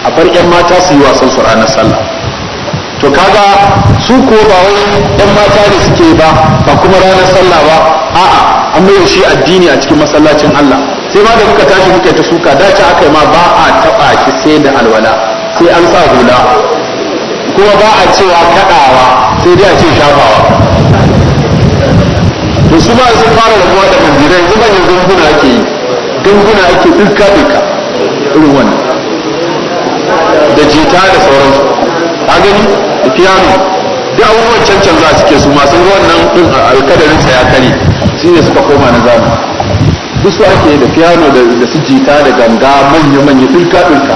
S1: a bar yan mata su yi wasan su ranar sallah to kaga su ko ba wai yan mata ne suke ba ba kuma ranar sallah ba a'a an mai shi addini a cikin masallacin Allah sai ma da kuka tashi kuka ta suka dace aka ma ba a taba ki sai da alwala sai an sa hula kuma ba a cewa kaɗawa sai dai a ce shafawa to su ba sun fara rabuwa da yanzu ban yanzu gunguna ake yi gunguna ake da ka irin wannan da jita da sauransu a gani ikiyanu duk abubuwan cancan za suke su masu wannan din alkadarin sa ya kare shi ne suka koma na zamu duk su ake da piano da su jita da ganga manya-manya dinka dinka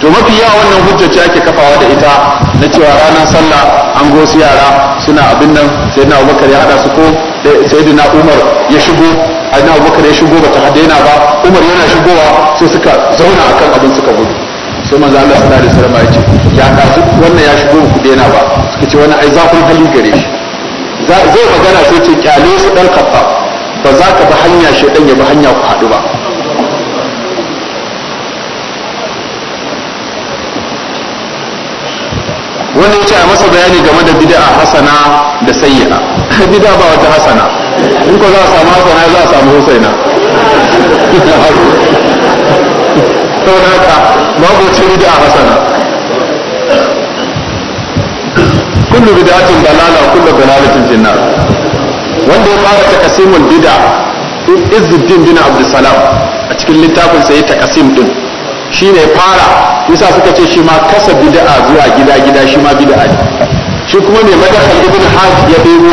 S1: to mafi yawa wannan hujjaci ake kafawa da ita na cewa ranar sallah an su yara suna abin nan sai na abubakar ya hada su ko na umar ya shigo aina abubakar ya shigo ba bata daina ba umar yana shigowa sai suka zauna akan abin suka gudu sai manzo Allah sallallahu alaihi wasallam ya ce ya dazu wannan ya shigo ku daina ba suka ce wannan ai zafin hali gare shi zai magana sai ce kyale su dan kafa ba za ka bi hanya shedan ya bi hanya ku haɗu ba wanda ya ce a masa bayani game da bid'a hasana da sayyi'a bid'a ba wata hasana in ko za a samu hasana za a samu husaina bid'a hasana kullu bid'atin dalala kullu dalalatin wanda ya fara takasimul bid'a Izzuddin bin Abdul Salam a cikin littafin sa ya takasim din shi ne fara yasa suka ce shi ma kasa bid'a zuwa gida gida shi ma bid'a ne shi kuma ne madaka ibn hajj ya dubo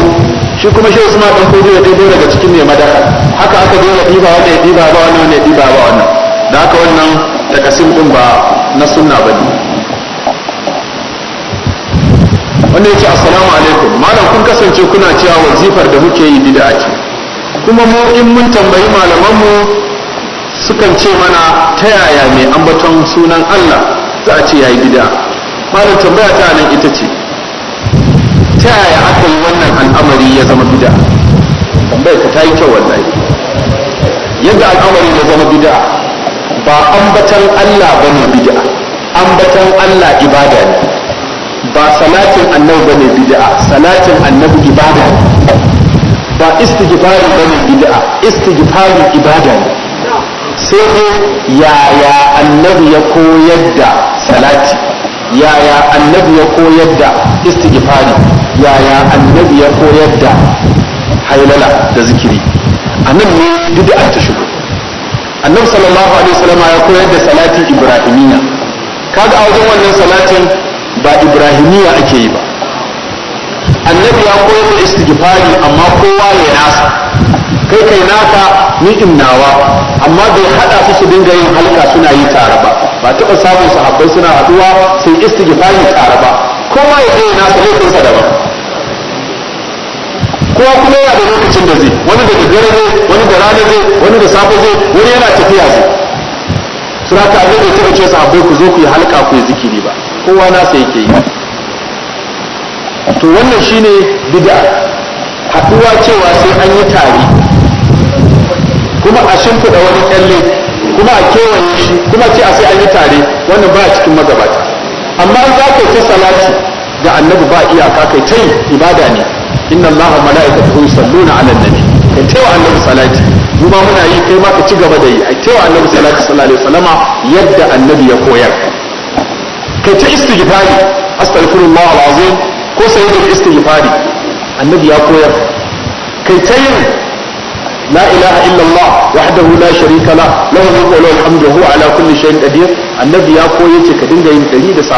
S1: shi kuma shi usman dan kodi ya dubo daga cikin ne madaka haka aka dora diba wanda ya diba ba wannan ne diba ba wannan da haka wannan takasim din ba na sunna bane wanda ya ce assalamu alaikum malam kun kasance kuna cewa wazifar da muke yi bid'a ce kuma mu in mun tambayi malamanmu sukan ce mana ta yaya mai ambaton sunan Allah za a ce yayi bid'a malam tambaya ta nan ita ce ta yaya aka yi wannan al'amari ya zama bid'a tambayar ka ta yi kyau wallahi yadda al'amari ya zama bid'a ba ambatan Allah bane bid'a ambatan Allah ibada ne ba salatin annabi bane bid'a salatin annabi ibada ne ba istighfari bane bid'a istighfari ibada ne sai ko yaya annabi ya koyar da salati yaya annabi ya koyar da istighfari yaya annabi ya koyar da hailala da zikiri anan ne duk an ta shigo annabi sallallahu alaihi wasallam ya koyar da salati ibrahimiya kaga a wajen wannan salatin ba ibrahimiya ake yi ba annabi ya koyar da istighfari amma kowa ya nasa kai kai naka ni in nawa amma bai hada su su dinga yin halka suna yi tare ba ba taɓa samun sahabbai suna haduwa su yi istighfari tare ba kowa ya kai nasa laifin sa daban kowa kuma yana da lokacin da zai wani da daddare zai wani da rana zai wani da safe zai wani yana tafiya zai suna ta abin da taɓa ce sahabbai ku zo ku yi halka ku yi zikiri ba kowa nasa yake yi to wannan shine bid'a haduwa cewa sai an yi tare kuma a shimfiɗa wani kyalle kuma a kewaye shi kuma ce a sai an yi tare wannan ba a cikin magabata amma an za ka yi ta salati ga annabi ba iyaka kai ta yi ibada ne inna mala'ika mala'ikatahu yusalluna 'alan nabi ka ta wa annabi salati mu ma muna yi kai ma ka ci gaba da yi ta wa annabi sallallahu alaihi wasallama yadda annabi ya koyar ka ta istighfari astaghfirullah alazim ko sai da istighfari annabi ya koyar kai ta yin لا إله إلا الله وحده لا شريك له له الملك وله الحمد وهو على كل شيء قدير النبي يا ce ka dinga yin dari da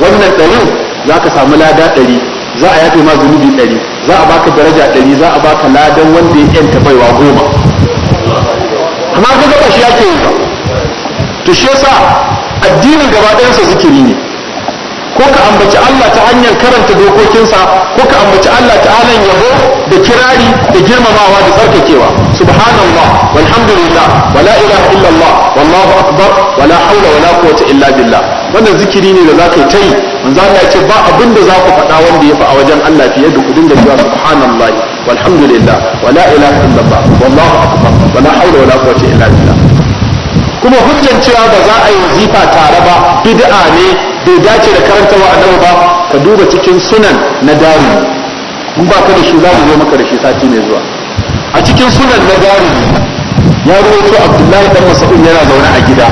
S1: wannan dari za ka samu lada ɗari. za a yafe ma zunubi ɗari. za a baka daraja ɗari. za a baka ladan wanda ya yanta baiwa goma amma ka ga shi yake yi to shi yasa addinin gaba ɗayansa zikiri ne ko ka ambaci Allah ta hanyar karanta dokokinsa ko ka ambaci Allah ta hanyar yabo da kirari da girmamawa da tsarkakewa subhanallah walhamdulillah wala ilaha illallah wallahu akbar wala haula wala quwwata illa billah wannan zikiri ne da za ka yi ta yi manzo Allah ya ce ba abin da za ku faɗa wanda ya fi a wajen Allah fiye da ku dinga cewa subhanallah walhamdulillah wala ilaha illallah wallahu akbar wala haula wala quwwata illa billah kuma hujjan cewa ba za a yi wazifa tare ba bid'a ne bai dace da karanta wa annabi ba ka duba cikin sunan na daru in ba ka da shi za mu zo maka da shi sati mai zuwa a cikin sunan na daru ya ruwaito abdullahi dan mas'ud yana zaune a gida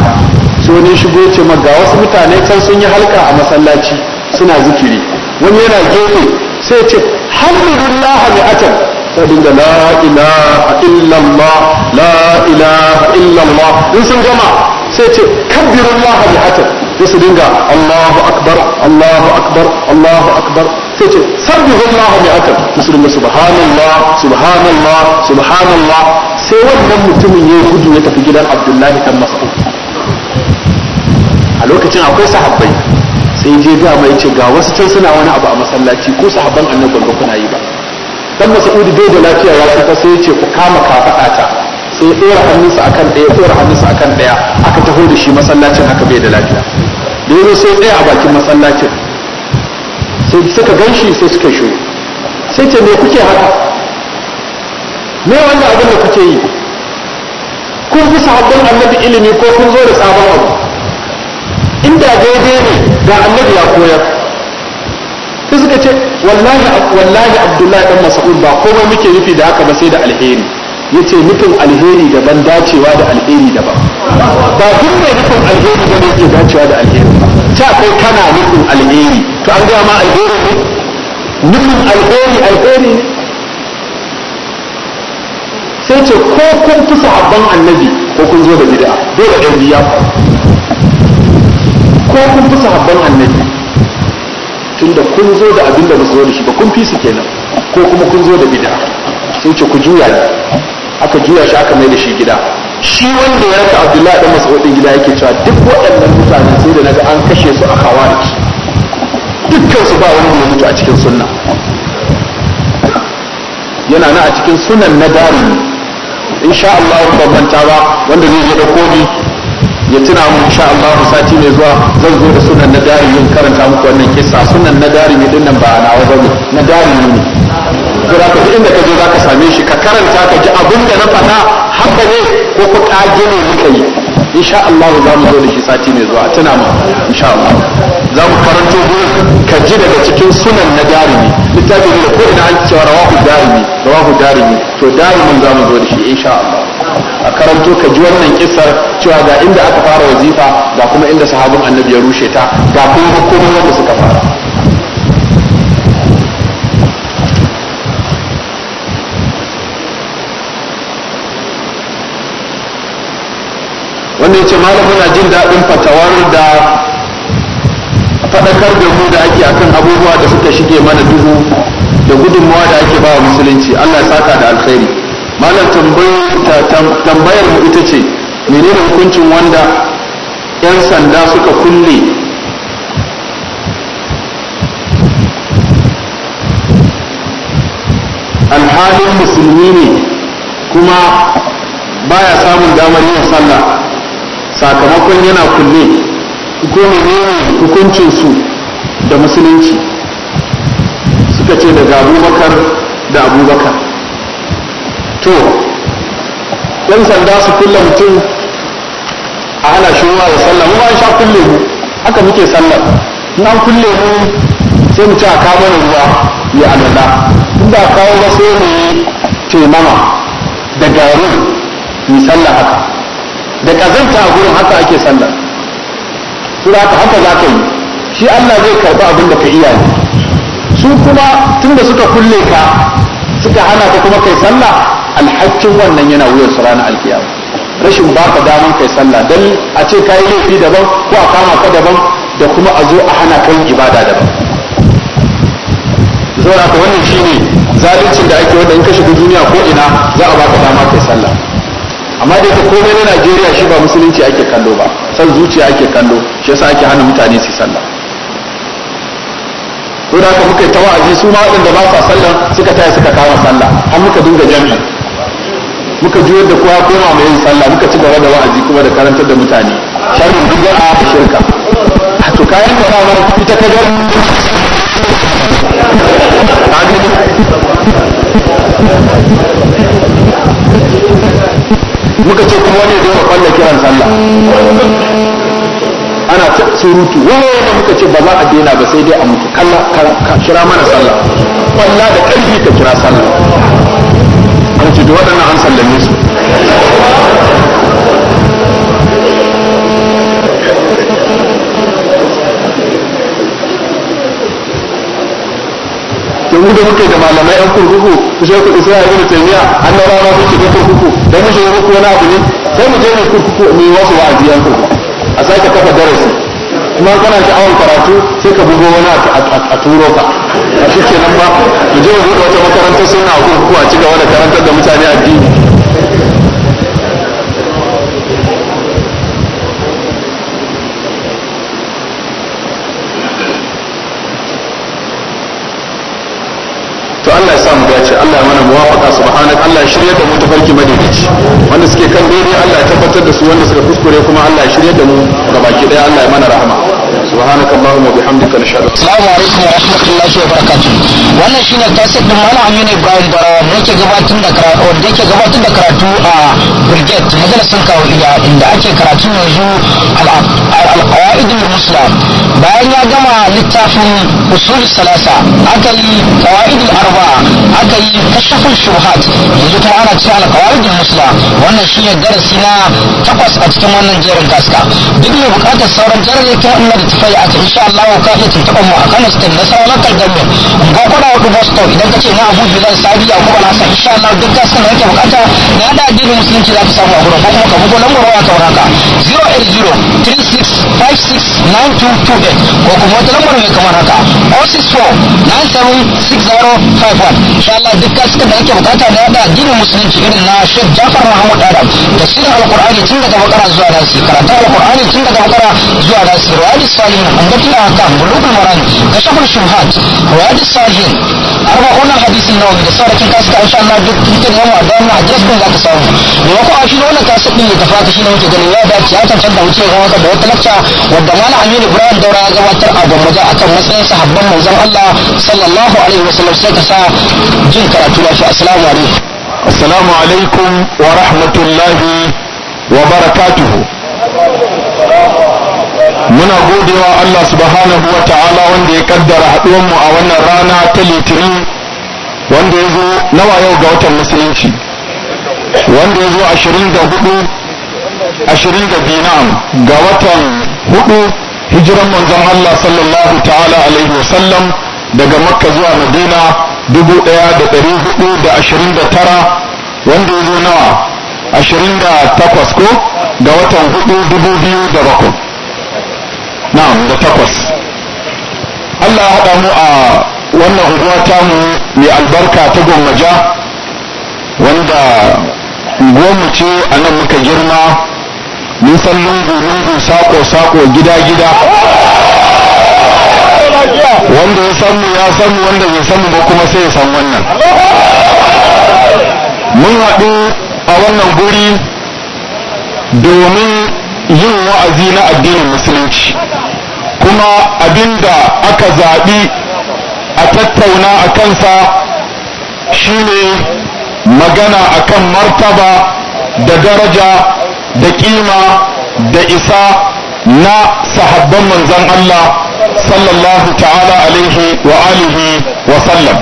S1: So ne shigo ce ma ga wasu mutane can sun yi halka a masallaci suna zikiri wani yana gefe sai ce alhamdulillah, hamdulillah mi'atan sai dinga la ilaha illallah la ilaha illallah in sun gama sai ce kabbirullah mi'atan sai su dinga Allahu akbar Allahu akbar Allahu akbar sai ce sabbi Allahu mai aka su dinga subhanallah subhanallah subhanallah sai wannan mutumin ya gudu ya tafi gidan Abdullahi dan Mas'ud a lokacin akwai sahabbai sai je ga mai ce ga wasu can suna wani abu a masallaci ko sahabban annabi ba kuna yi ba dan Mas'ud bai da lafiya ya fita sai ya ce ku kama kafaɗata ta sai ya tsora hannunsa akan ɗaya tsora hannunsa akan ɗaya aka taho da shi masallacin haka bai da lafiya ya sai tsaya a bakin masallacin sai suka gan sai suka shiru sai ce me kuke haka me wanda abin da kuke yi kun fi sahabban annabi ilimi ko kun zo da sabon abu inda daidai ne ga annabi ya koyar sai suka ce wallahi wallahi abdullahi dan mas'ud ba komai muke nufi da haka ba sai da alheri yace nufin alheri daban dacewa da alheri daban ba duk mai nufin alheri da mai iya dacewa da alheri ba ta kai kana nufin alheri to an gama alheri ne nufin alheri alheri sai ce ko kun fi sahabban annabi ko kun zo da bid'a dole ɗan biya ko kun fi sahabban annabi tunda kun zo da abin da ba zo da shi ba kun fi su kenan ko kuma kun zo da bid'a sai ce ku juya aka juya shi aka mai da shi gida shi wanda ya raka abdullahi dan mas'udin gida yake cewa duk waɗannan mutane sai da naga an kashe su a khawarij dukkan su ba wani ya mutu a cikin sunna yana na a cikin sunan na in sha Allah ban manta ba wanda zai zo da kobi ya tuna mu insha Allah sati mai zuwa zan zo da sunan na yin karanta muku wannan kisa. sunan na dari ne dinnan ba na wajen na dari ne saboda ka ji inda ka zo ka same shi ka karanta ka ji abin da na faɗa haka ne ko ku ƙage ne muka yi insha Allah za mu zo da shi sati mai zuwa tuna mu insha Allah za mu karanto gurin ka ji daga cikin sunan na darimi littafin da ko ina an cewa rawahu darimi rawahu darimi to darimin za mu zo da shi insha Allah a karanto ka ji wannan kissar cewa ga inda aka fara wazifa ga kuma inda sahabin annabi ya rushe ta ga kuma hukumomin da suka fara ya ce malam na jin daɗin fatawar da faɗakar da mu da ake akan abubuwa da suka shige mana duhu da gudunmawa da ake ba wa musulunci allah saka da alkhairi malam tambayar mu ita ce menene hukuncin wanda 'yan sanda suka kulle alhalin musulmi ne kuma baya samun damar yin sallah sakamakon yana kulle ko ne hukuncin su da musulunci suka ce daga abubakar da abubakar to yan sanda su kulle mutum a ana shi ruwa ya sallah mu sha kulle mu haka muke sallah in kulle mu sai mu ci a kawo ruwa ya al'ada. inda kawo ba sai mu taimama da garin mu sallah haka da kazanta a gurin haka ake sallah su da haka za ka yi shi Allah zai karɓi abin da ka iya su kuma tun da suka kulle ka suka hana ka kuma kai sallah alhakin wannan yana wuyan su ranar alkiyama rashin baka daman kai sallah dan a ce kayi laifi daban ko a kama ka daban da kuma a zo a hana kan ibada daban Zaura ka wannan shine zalincin da ake wanda in ka shiga duniya ko ina za a baka dama kai sallah amma dai ta komai na Najeriya shi ba musulunci ake kallo ba san zuciya ake kallo shi yasa ake hana mutane su sallah ko da muka yi tawazi su ma waɗanda ba sa sallah suka taya suka kama sallah har muka dinga jami'a muka juyar da kowa koma mai yin sallah muka ci gaba da wa'azi kuma da karantar da mutane sharrin a da shirka to kayan da ba ita ka ga Thank you. muka ce kuma wani zai kwalla kiran sallah ana ta surutu wani muka ce ba za a daina ba sai dai a mutu ka kira mana sallah kwalla da ƙarfi ka kira sallah an ce da waɗannan an sallame su mu da muke da malamai yan kurkuku ku shi ku isa ibn taymiya annabawa ku shiga kurkuku dan mu shiga kurkuku wani abu ne sai mu je mu kurkuku ne yi wasu wa'azi yan kurkuku a sake kafa darasi kuma kana sha'awar karatu sai ka bugo wani a turo ka a shi kenan ba mu je mu buɗe wata makarantar suna a kurkuku a ci gaba da karantar da mutane addini Allah mana muwafaqa subhanaka Allah shirya da mu tafarki madaidaici wanda suke kan daidai Allah ya tabbatar da su wanda suka kuskure kuma Allah ya shirya da mu gabaki daya Allah ya mana rahama سبحانك اللهم وبحمدك نشهد wannan shine tasir din malam Aminu Ibrahim Barawa da yake gabatar da karatu da yake gabatar da karatu a bilget majalisar kawaida inda ake karatu yanzu al'awaid musla bayan ya gama littafin usul salasa aka yi kawaid arba aka yi kashafin shubhat yanzu kuma ana ce al'awaid musla wannan shine darasi na takwas a cikin wannan jerin gaska duk mai bukatar sauran jarare ta wannan littafai a ta insha Allah ka iya tuntuɓar mu a Kano State na sauran in ga kwana hudu Boston idan ka ce na Abu Bilal a kuma na san insha Allah duk gaskan da kake bukata na da addinin musulunci za ku samu a gurin ko kuma ka bugo lambar waya kamar haka 08036569228 ko kuma wata lambar mai kamar haka 064976051 insha Allah duk kasuka da ake bukata da yada addinin musulunci irin na Sheikh Jafar Mahmud Adam tafsirin alqur'ani tun daga bakara zuwa nasi karatu alqur'ani tun daga bakara zuwa nasi riwayat salihin ummatul ahkam bulugul maram kashaful shubhat riwayat salihin arba'una hadisin nawawi da sauran kasuka insha Allah duk kin yawa da wannan address din zaka samu ko a shi wannan kasar din ya tafi shi ne muke ganin ya dace ya cancanta mu wuce ga da wata lakta wanda malam Aminu Ibrahim Daura ya gabatar a gwamnati akan matsayin sahabban manzon Allah sallallahu alaihi wasallam sai ka sa jin karatu lafiya assalamu alaikum assalamu alaikum wa rahmatullahi wa barakatuh muna godewa Allah subhanahu wa ta'ala wanda ya kaddara mu a wannan rana ta litinin wanda ya zo nawa yau ga watan musulunci wanda ya zo ashirin da hudu ashirin da biyu na'am ga watan hudu hijiran manzon Allah sallallahu ta'ala alaihi wa sallam daga makka zuwa madina dubu ɗaya da ɗari hudu da ashirin da tara wanda ya zo nawa ashirin da takwas ko ga watan hudu dubu biyu da bakwai na'am da takwas Allah ya haɗa mu a wannan huduwa tamu mai albarka ta gwammaja wanda goma ce a nan muka girma nisan san lungu-lungu sako-sako gida-gida
S2: wanda ya samu ya samu wanda bai samu ba kuma sai ya san wannan
S1: mun haɗu a wannan guri domin yin wa'azi na addinin musulunci kuma abinda aka zaɓi a tattauna a kansa shine مجانا اكم مرتبة دا درجة دا قيمة دا إساء نا صحبا من زن الله صلى الله تعالى عليه وآله وسلم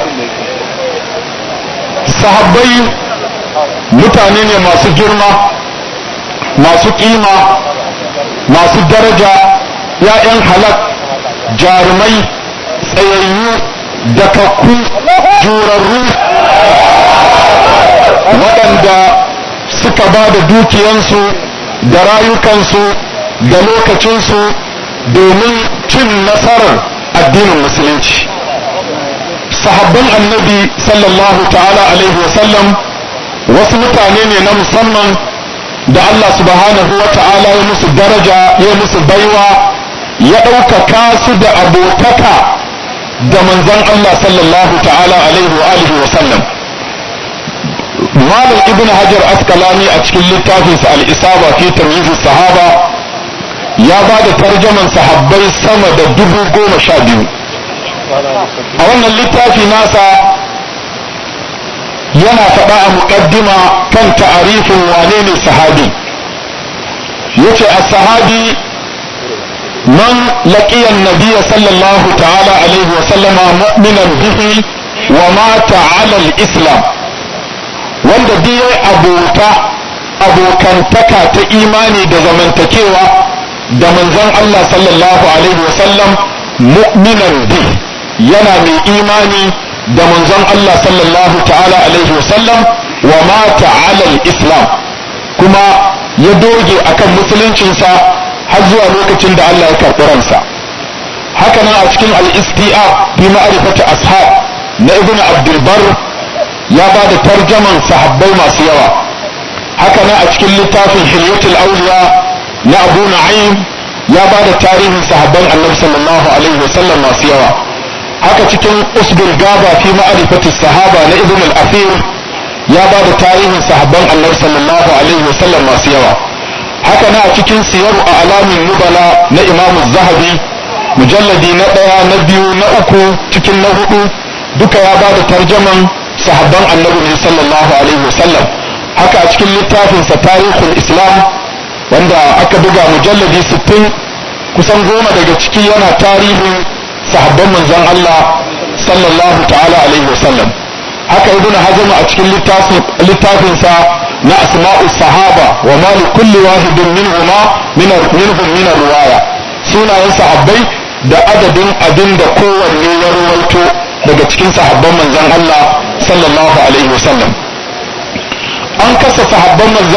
S1: صحبي متانين ما سجرنا ما سقيمة ما سدرجة يا إن حلق جارمي سيئيو دككو جور الروح waɗanda suka ba da dukiyansu da rayukansu da lokacinsu domin cin nasarar addinin musulunci sahabban annabi sallallahu ta'ala alaihi wasallam wasu mutane ne na musamman da Allah subhanahu wa ta'ala ya musu daraja ya musu baiwa ya ɗaukaka su da abotaka da manzon Allah sallallahu ta'ala alaihi wa alihi wa مالك ابن حجر اتكلامي اتكلم كافي في الاصابة في تمييز الصحابة يا بعد ترجمة صحابي السماء دبو قوم شاديو اولا اللي ناسا ينا فباع مقدمة كان تعريف وانين الصحابي يتي الصحابي من لقي النبي صلى الله تعالى عليه وسلم مؤمنا به ومات على الاسلام wanda biyo abota abokantaka ta imani da zamantakewa da manzon Allah sallallahu alaihi wasallam mu'minan bi yana mai imani da manzon Allah sallallahu ta'ala alaihi wasallam wa mata alal islam kuma ya doge akan musuluncinsa har zuwa lokacin da Allah ya karɓi ransa haka nan a cikin al-isti'a bi ma'rifati ashab na ibnu abdul barr ya ba da tarjaman sahabbai masu yawa haka na a cikin littafin hilyatul auliya na abu na'im ya ba da tarihin sahabban annabi sallallahu alaihi wasallam masu yawa haka cikin usbul gaba fi ma'arifatu sahaba na ibn al-afir ya ba da tarihin sahabban annabi sallallahu alaihi wasallam masu yawa haka na a cikin siyaru a alamin nubala na imamu zahabi mujalladi na ɗaya na biyu na uku cikin na hudu duka ya ba da tarjaman sahabban annabi ne sallallahu alaihi wasallam haka a cikin littafin sa tarihul islam wanda aka buga mujalladi 60 kusan goma daga ciki yana tarihin sahabban manzon Allah sallallahu ta'ala alaihi wasallam haka ibn hazm a cikin littafin sa na asma'us sahaba wa mali kulli wahidin minhum min minhum min riwaya sunayen sahabbai da adadin abin da kowanne ya rawaito daga cikin sahabban manzon Allah sallallahu alaihi wasallam
S2: an kasa sahabban manzon